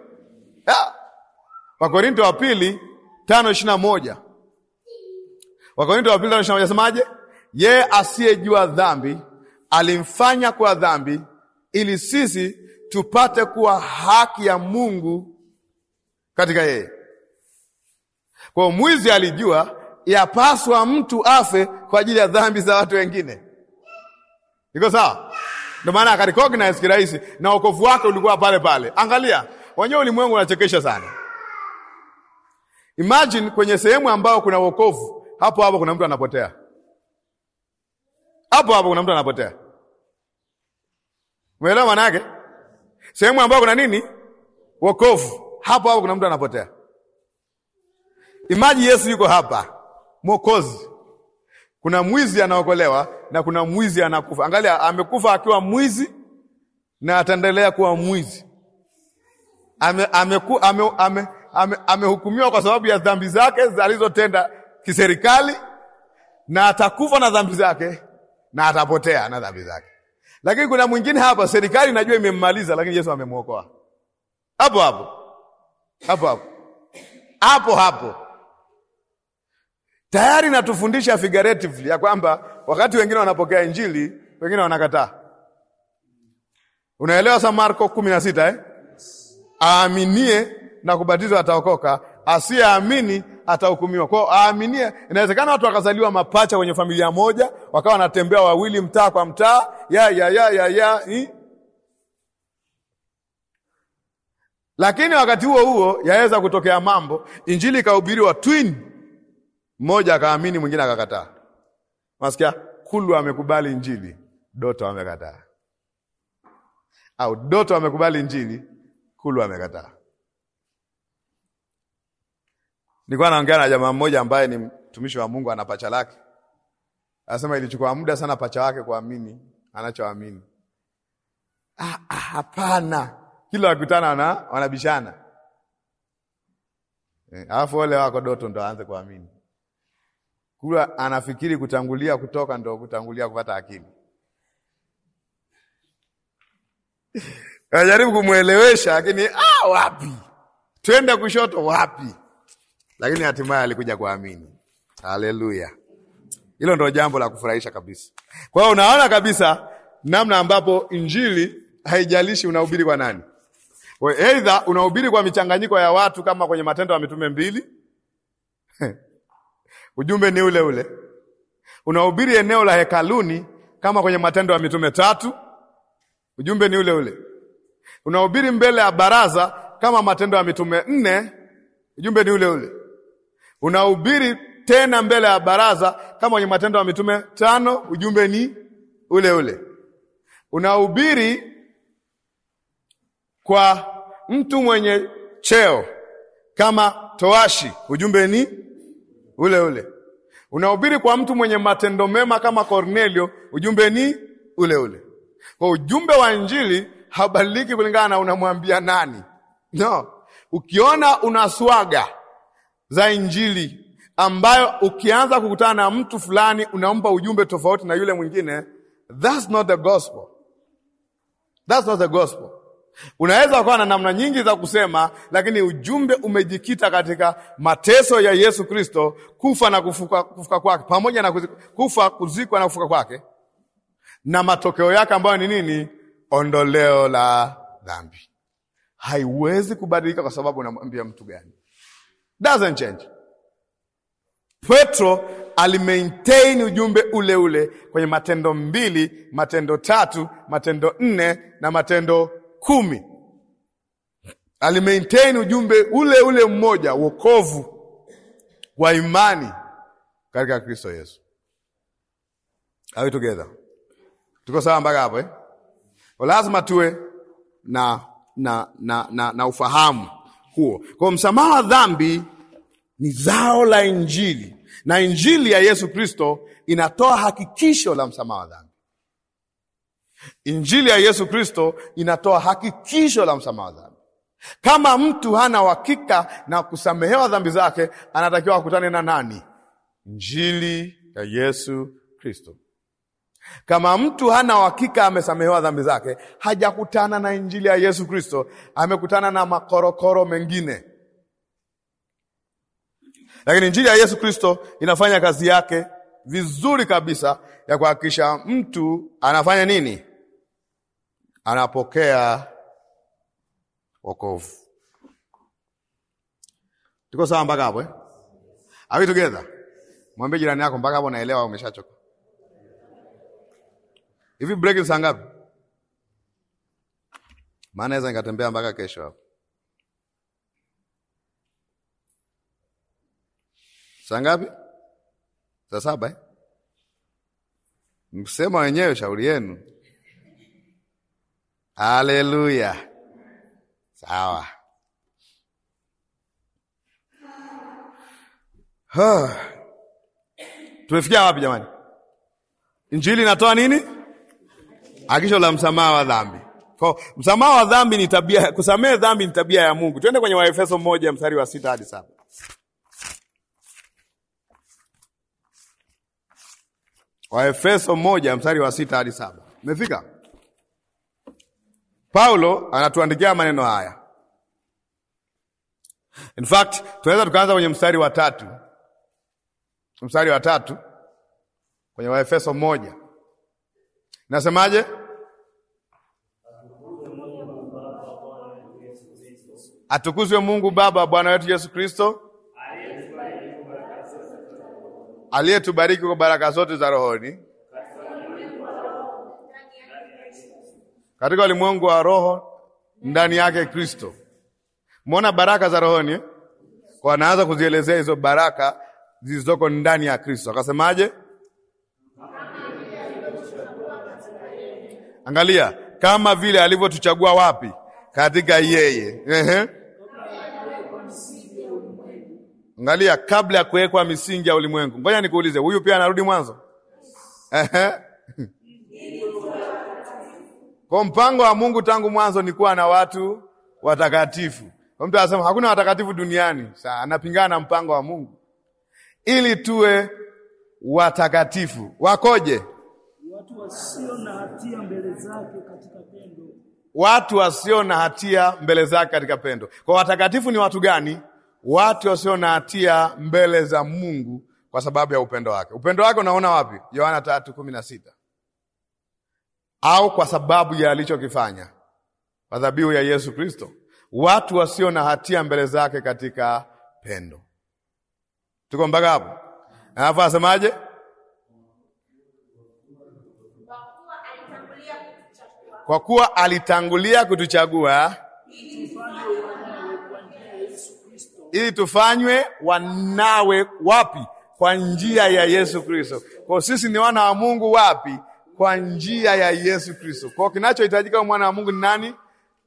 Wakorinto wa pili tano ishirini na moja Wakorinto wa pili tano ishirini na moja semaje? Yeye asiyejua dhambi alimfanya kuwa dhambi ili sisi tupate kuwa haki ya Mungu katika yeye. Kwa hiyo mwizi alijua yapaswa mtu afe kwa ajili ya dhambi za watu wengine. Iko sawa? Ndio maana akarecognize kirahisi, na wokovu wake ulikuwa pale pale. Angalia wenyewe, ulimwengu unachekesha sana. Imagine kwenye sehemu ambayo kuna wokovu, hapo hapo kuna mtu anapotea, hapo hapo kuna mtu anapotea. Umeelewa maana yake? Sehemu ambayo kuna nini? Wokovu, hapo hapo kuna mtu anapotea. Imagine Yesu yuko hapa mwokozi. Kuna mwizi anaokolewa na kuna mwizi anakufa. Angalia, amekufa akiwa mwizi na ataendelea kuwa mwizi. Ame, ame, ame, ame, ame, amehukumiwa kwa sababu ya dhambi zake alizotenda kiserikali, na atakufa na dhambi zake na atapotea na dhambi zake. Lakini kuna mwingine hapa, serikali najua imemmaliza, lakini Yesu amemwokoa hapo hapo hapo hapo hapo hapo tayari natufundisha figuratively ya kwamba wakati wengine wanapokea Injili, wengine wanakataa. Unaelewa sa Marko kumi na sita eh? Aaminie na kubatizwa ataokoka, asiyeamini atahukumiwa. Kwao aaminie, inawezekana watu wakazaliwa mapacha kwenye familia moja, wakawa wanatembea wawili mtaa kwa mtaa, ya ya ya ya ya Lakini wakati huo huo yaweza kutokea mambo, injili ikahubiriwa twin mmoja akaamini, mwingine akakataa. Nasikia Kulu amekubali Injili, Doto amekataa, au Doto amekubali Injili, Kulu amekataa. Nilikuwa naongea na jamaa mmoja ambaye ni mtumishi wa Mungu, ana pacha lake. Anasema ilichukua muda sana pacha wake kuamini anachoamini. Ah, ah, hapana, kila wakutana wana, wanabishana. Eh, alafu e, ole wako Doto ndo aanze kuamini Kula anafikiri kutangulia kutoka ndo kutangulia kupata akili. Najaribu kumwelewesha lakini ah, wapi twende kushoto wapi, lakini hatimaye alikuja kuamini. Haleluya! Hilo ndo jambo la kufurahisha kabisa. Kwa hiyo unaona kabisa namna ambapo injili haijalishi unahubiri kwa nani, eidha unahubiri kwa michanganyiko ya watu kama kwenye Matendo ya Mitume mbili Ujumbe ni ule ule, unahubiri eneo la hekaluni kama kwenye Matendo ya Mitume tatu. Ujumbe ni ule ule, unahubiri mbele ya baraza kama Matendo ya Mitume nne. Ujumbe ni ule ule, unahubiri tena mbele ya baraza kama kwenye Matendo ya Mitume tano. Ujumbe ni ule ule, unahubiri kwa mtu mwenye cheo kama toashi. Ujumbe ni ule ule. Unahubiri kwa mtu mwenye matendo mema kama Kornelio, ujumbe ni ule ule. Kwa ujumbe wa Injili habadiliki kulingana na unamwambia nani. No, ukiona una swaga za Injili ambayo ukianza kukutana na mtu fulani unampa ujumbe tofauti na yule mwingine, that's not the gospel, that's not the gospel. Unaweza ukawa na namna nyingi za kusema, lakini ujumbe umejikita katika mateso ya Yesu Kristo, kufa na kufuka, kufuka kwake pamoja na kufa kuzikwa na kufuka kwake, na matokeo yake ambayo ni nini? Ondoleo la dhambi. Haiwezi kubadilika kwa sababu unamwambia mtu gani? Doesn't change. Petro alimaintain ujumbe ule ule kwenye Matendo mbili, Matendo tatu, Matendo nne na Matendo kumi alimaintain ujumbe ule ule mmoja, wokovu wa imani katika Kristo Yesu. Are together? Tuko sawa mpaka hapo eh? Lazima tuwe na, na, na, na, na ufahamu huo. Kwa msamaha wa dhambi ni zao la Injili, na Injili ya Yesu Kristo inatoa hakikisho la msamaha wa dhambi. Injili ya Yesu Kristo inatoa hakikisho la msamaha dhambi. Kama mtu hana uhakika na kusamehewa dhambi zake, anatakiwa akutane na nani? Injili ya Yesu Kristo. Kama mtu hana uhakika amesamehewa dhambi zake, hajakutana na injili ya Yesu Kristo, amekutana na makorokoro mengine. Lakini injili ya Yesu Kristo inafanya kazi yake vizuri kabisa ya kuhakikisha mtu anafanya nini? anapokea wokovu. Tuko sawa mpaka hapo eh? Are we together? Mwambie jirani yako mpaka hapo naelewa umeshachoka. Hivi break ni saa ngapi? Maana naweza nikatembea mpaka kesho hapo. Saa ngapi? Saa saba eh? Msema wenyewe, shauri yenu. Haleluya! Sawa. Huh. Tumefikia wapi jamani? Injili inatoa nini? agisho la msamaha wa dhambi. Kwa msamaha wa dhambi ni tabia, kusamehe dhambi ni tabia ya Mungu. Twende kwenye Waefeso moja mstari wa sita hadi saba. Waefeso moja mstari wa sita hadi saba. Umefika? Paulo anatuandikia maneno haya. In fact, tunaweza tukaanza kwenye mstari wa tatu, mstari wa tatu kwenye Waefeso moja nasemaje? Atukuzwe Mungu Baba Bwana wetu Yesu Kristo, aliyetubariki kwa baraka zote za rohoni katika ulimwengu wa roho, ndani yake Kristo. Mwona baraka za rohoni eh? Kwa anaanza kuzielezea hizo baraka zilizoko ndani ya Kristo, akasemaje? Angalia, kama vile alivyotuchagua wapi? Katika yeye. Ehe. Angalia, kabla ya kuwekwa misingi ya ulimwengu. Ngoja nikuulize, huyu pia anarudi mwanzo? Ehe. Kwa mpango wa Mungu tangu mwanzo ni kuwa na watu watakatifu. Kwa mtu anasema hakuna watakatifu duniani, saa anapingana na mpango wa Mungu ili tuwe watakatifu. Wakoje? Watu wasio na hatia mbele zake katika pendo. Watu wasio na hatia mbele zake katika pendo. Kwa watakatifu ni watu gani? Watu wasio na hatia mbele za Mungu kwa sababu ya upendo wake. Upendo wake unaona wapi? Yohana tatu kumi na sita au kwa sababu ya alichokifanya dhabihu ya Yesu Kristo, watu wasio na hatia mbele zake katika pendo. Tuko mpaka hapo? Alafu asemaje? Kwa kuwa alitangulia kutuchagua ili tufanywe wanawe. Wapi? Kwa njia ya Yesu Kristo. Kwa sisi ni wana wa Mungu wapi? kwa njia ya Yesu Kristo. Kwa kinachohitajika mwana wa Mungu ni nani?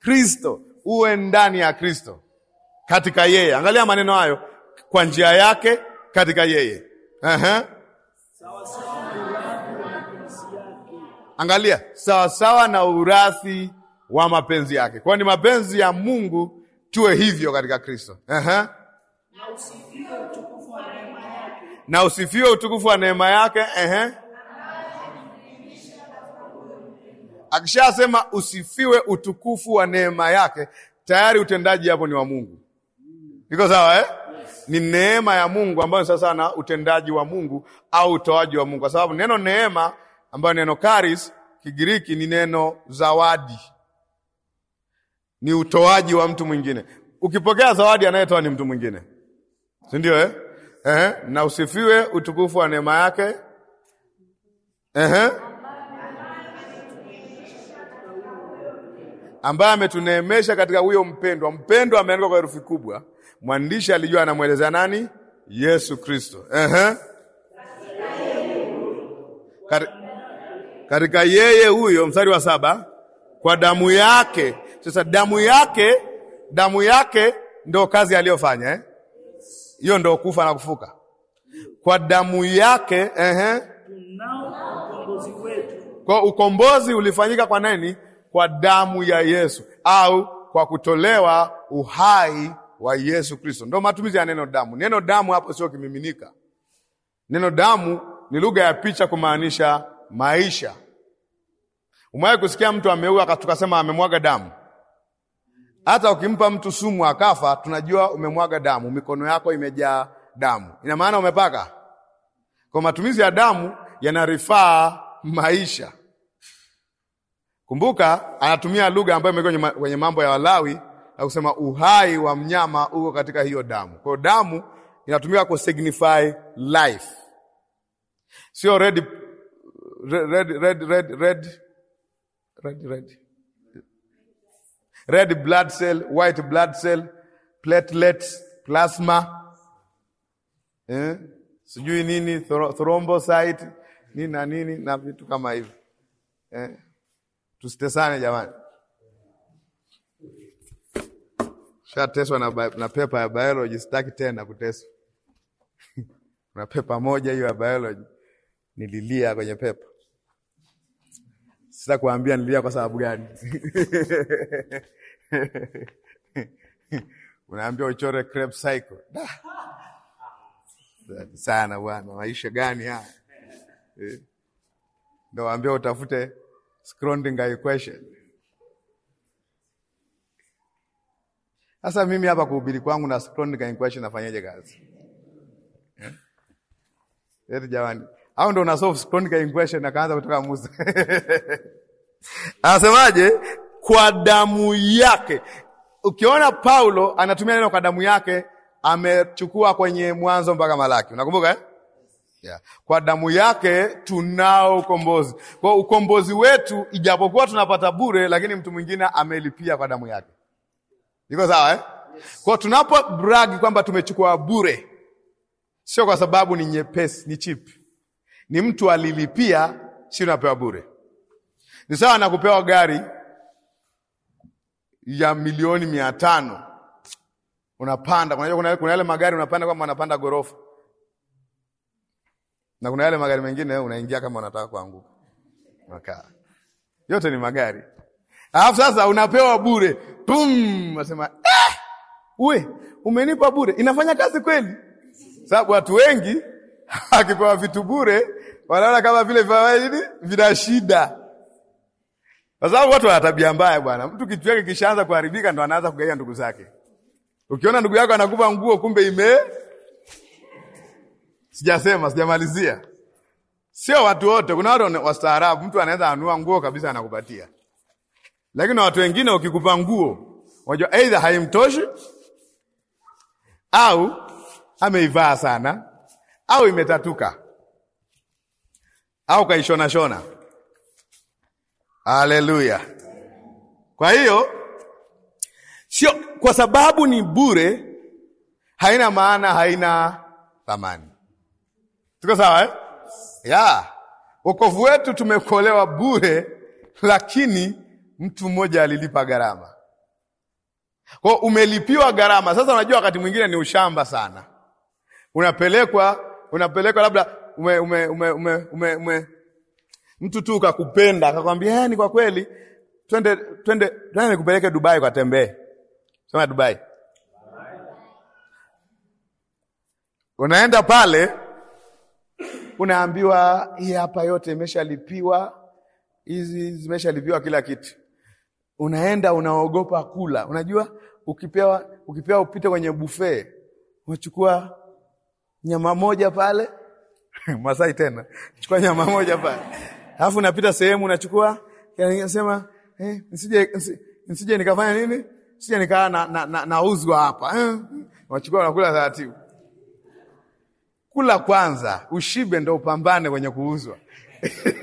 Kristo. Uwe ndani ya Kristo, katika yeye. Angalia maneno hayo, kwa njia yake, katika yeye. Aha. Angalia, sawasawa na urathi wa mapenzi yake. Kwa ni mapenzi ya Mungu tuwe hivyo katika Kristo. Aha. Na usifio utukufu wa neema yake, na usifio utukufu wa neema yake. Aha. Akishasema usifiwe utukufu wa neema yake, tayari utendaji hapo ni wa Mungu. Iko sawa eh? Yes. Ni neema ya Mungu ambayo sasa na utendaji wa Mungu au utoaji wa Mungu, kwa sababu neno neema ambayo neno karis Kigiriki ni neno zawadi, ni utoaji wa mtu mwingine. Ukipokea zawadi, anayetoa ni mtu mwingine, si ndio eh? Eh, na usifiwe utukufu wa neema yake eh. eh? ambaye ametuneemesha katika huyo mpendwa. Mpendwa ameandikwa kwa herufi kubwa, mwandishi alijua anamweleza nani? Yesu Kristo. Ehe, katika yeye huyo, mstari wa saba, kwa damu yake. Sasa damu yake, damu yake ndo kazi aliyofanya eh? hiyo eh? Ndo kufa na kufuka kwa damu yake. Ehe, kwa ukombozi ulifanyika kwa nani? kwa damu ya Yesu au kwa kutolewa uhai wa Yesu Kristo. Ndio matumizi ya neno damu. Neno damu hapo sio kimiminika. Neno damu ni lugha ya picha kumaanisha maisha. Umewahi kusikia mtu ameua tukasema amemwaga damu? Hata ukimpa mtu sumu akafa, tunajua umemwaga damu, mikono yako imejaa damu, ina maana umepaka. Kwa matumizi ya damu yanarifaa maisha. Kumbuka anatumia lugha ambayo imekuwa kwenye mambo ya Walawi na kusema uhai wa mnyama uko katika hiyo damu. Kwa hiyo damu inatumika ku signify life, sio red, red, red, red, red, red, red. Red blood cell, white blood cell, platelets, plasma eh? sijui nini thrombocyte nini na nini na vitu kama hivyo eh? Tusitesane jamani, shateswa na, na pepa ya biology, sitaki tena kuteswa na pepa moja hiyo ya biology nililia kwenye pepa. Sitakuambia nililia kwa sababu gani. Unaambia uchore Krebs cycle sana bwana, maisha gani haya? Eh. Ndo waambia utafute Schrödinger equation. Sasa mimi hapa kuhubiri kwangu na Schrödinger equation nafanyaje kazi? Eh? Eti jamani, hao ndio una solve Schrödinger equation akaanza kutoka Musa. Anasemaje? Kwa damu yake. Ukiona Paulo anatumia neno kwa damu yake amechukua kwenye Mwanzo mpaka Malaki. Unakumbuka eh? yeah. Kwa damu yake tunao ukombozi. Kwa ukombozi wetu, ijapokuwa tunapata bure, lakini mtu mwingine amelipia kwa damu yake. Iko sawa eh? Yes. Kwa tunapo bragi kwamba tumechukua bure, sio kwa sababu ni nyepesi, ni cheap, ni mtu alilipia, si unapewa bure. Ni sawa na kupewa gari ya milioni mia tano unapanda. Kuna yale magari unapanda kwamba unapanda ghorofa na kuna yale magari mengine unaingia kama unataka kuanguka makaa. Yote ni magari, alafu sasa unapewa bure, pum, nasema eh, we umenipa bure, inafanya kazi kweli? Sababu watu wengi akipewa vitu bure wanaona kama vile vini vina shida, kwa sababu watu wana tabia mbaya bwana. Mtu kitu chake kishaanza kuharibika, ndo anaanza kugaia ndugu zake. Ukiona ndugu yako anakupa nguo, kumbe imee Sijasema, sijamalizia. Sio watu wote, kuna watu wastaarabu, mtu anaweza anua nguo kabisa anakupatia, lakini watu wengine ukikupa nguo unajua aidha haimtoshi au ameivaa sana au imetatuka au kaishona shona. Haleluya! Kwa hiyo sio kwa sababu ni bure, haina maana, haina thamani. Tuko sawa eh? Yeah. Wokovu wetu tumekolewa bure, lakini mtu mmoja alilipa gharama. Kwa umelipiwa gharama. Sasa unajua wakati mwingine ni ushamba sana, unapelekwa unapelekwa labda ume, ume, ume, ume, ume, ume. Mtu tu kakupenda akakwambia eh, ni kwa kweli, twende twende nikupeleke Dubai kwa tembee. Sema Dubai, unaenda pale unaambiwa hii hapa yote imeshalipiwa, hizi zimeshalipiwa kila kitu. Unaenda unaogopa kula. Unajua ukipewa ukipewa upite kwenye buffet, unachukua nyama moja pale Masai tena chukua nyama moja pale, alafu napita sehemu unachukua, nasema eh, nsije nsije nikafanya nini, sije nikaa na, na, na, nauzwa hapa eh, unachukua taratibu kula kwanza, ushibe ndo upambane kwenye kuuzwa.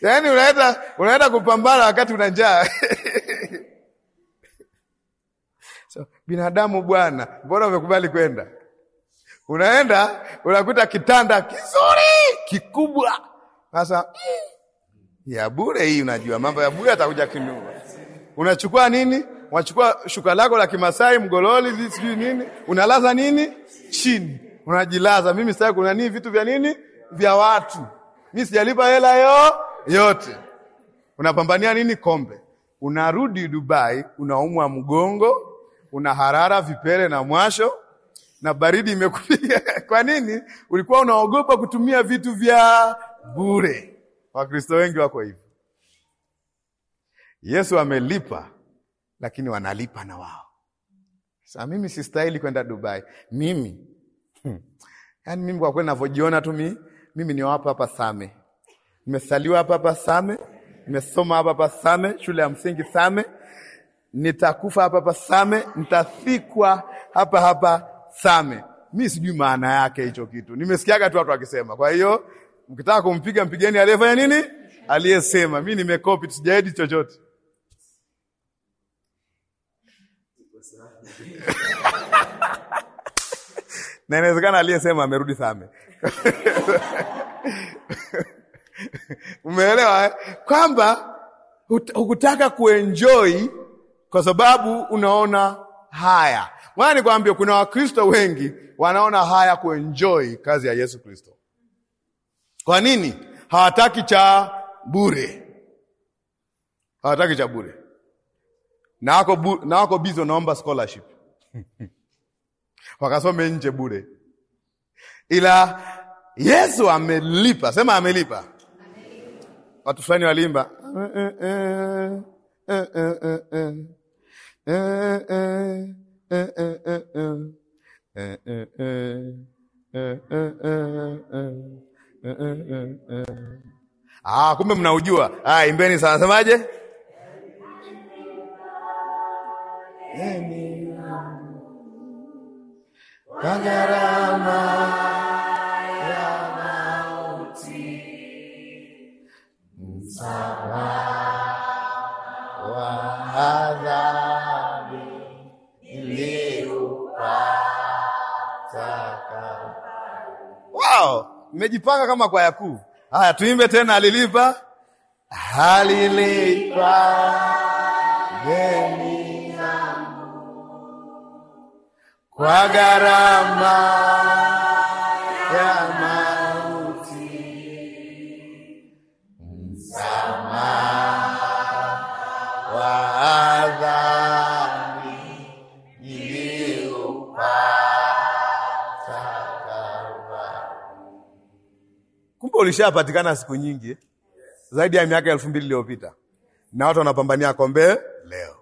Yaani unaenda unaenda kupambana wakati una njaa. So, binadamu bwana, mbona umekubali kwenda? Unaenda unakuta kitanda kizuri kikubwa. Sasa ya bure hii, unajua mambo ya bure atakuja kinua. Unachukua nini? unachukua shuka lako la Kimasai mgololi, sijui nini, unalaza nini chini, unajilaza. Mimi sasa kuna nini vitu vya nini vya watu, mimi sijalipa hela yo yote. Unapambania nini kombe? Unarudi Dubai, unaumwa mgongo, una harara, vipele na mwasho na baridi imekupiga. Kwa nini? Ulikuwa unaogopa kutumia vitu vya bure. Wakristo wengi wako hivi. Yesu amelipa lakini wanalipa na wao. Sasa mimi sistahili kwenda Dubai mimi hmm, yani mimi kwa kweli navyojiona tu mi, mimi ni hapa hapa Same, nimesaliwa hapa hapa Same, nimesoma hapa hapa Same, shule ya msingi Same, nitakufa hapa hapa Same, nitafikwa hapa hapa Same. Mi sijui maana yake hicho kitu, nimesikiaga tu watu wakisema. Kwa hiyo mkitaka kumpiga mpigeni aliyefanya nini, aliyesema. Mi nimekopi, sijaedi chochote. na inawezekana aliyesema amerudi Same umeelewa eh? kwamba hukutaka kuenjoi kwa sababu unaona haya. Mwana nikwambia, kuna Wakristo wengi wanaona haya kuenjoi kazi ya Yesu Kristo. Kwa nini? Hawataki cha bure, hawataki cha bure na wako bizo, naomba scholarship wakasome nje bure, ila Yesu amelipa. Sema amelipa. Watu fulani walimba Ah, kumbe mnaujua. Ah, imbeni sana, semaje? na gharama ya mauti, msamaha wa adhabi niliupata. Wow, mmejipanga kama kwa yakuu. Haya, tuimbe tena, alilipa, alilipa yeah. kwa gharama ya mauti, msamaha wa dhambi iliupata Kalvari. Kumbe ulishapatikana siku nyingi eh? Zaidi ya miaka elfu mbili iliyopita na watu wanapambania kombe leo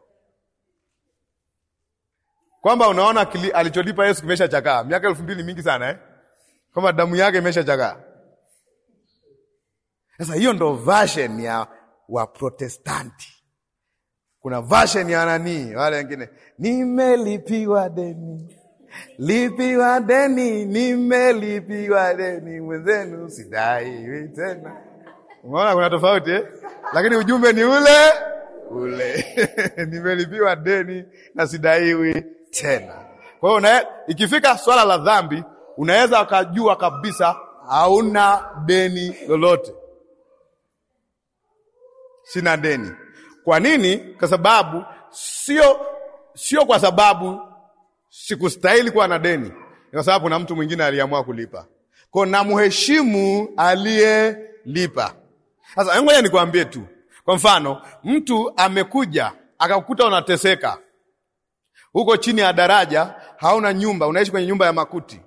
kwamba unaona alicholipa Yesu kimesha chakaa. Miaka elfu mbili mingi sana eh? Kwamba damu yake imesha chakaa. Sasa hiyo ndo version ya Waprotestanti. Kuna version ya nani, wale wengine, nimelipiwa deni, lipiwa deni, nimelipiwa deni, mwenzenu sidaiwi tena. Umeona kuna tofauti eh? Lakini ujumbe ni ule ule nimelipiwa deni na sidaiwi tena. Kwa hiyo ikifika swala la dhambi, unaweza ukajua kabisa hauna deni lolote. Sina deni. Kwa nini? Kwa sababu sio, sio kwa sababu sikustahili kuwa na deni, ni kwa sababu na mtu mwingine aliamua kulipa ko namheshimu aliyelipa. Sasa ngoja nikwambie tu, kwa mfano, mtu amekuja akakuta unateseka huko chini ya daraja, hauna nyumba, unaishi kwenye nyumba ya makuti,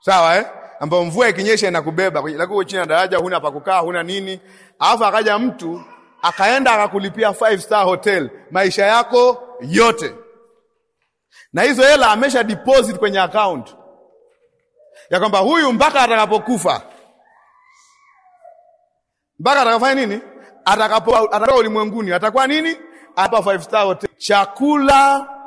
sawa eh? Ambapo mvua ikinyesha inakubeba, lakini huko chini ya daraja, huna pa kukaa, huna nini. Alafu akaja mtu akaenda akakulipia five star hotel maisha yako yote, na hizo hela amesha deposit kwenye account ya kwamba huyu mpaka atakapokufa, mpaka atakafanya nini, atakapo ulimwenguni, atakuwa nini hapa five star hotel, chakula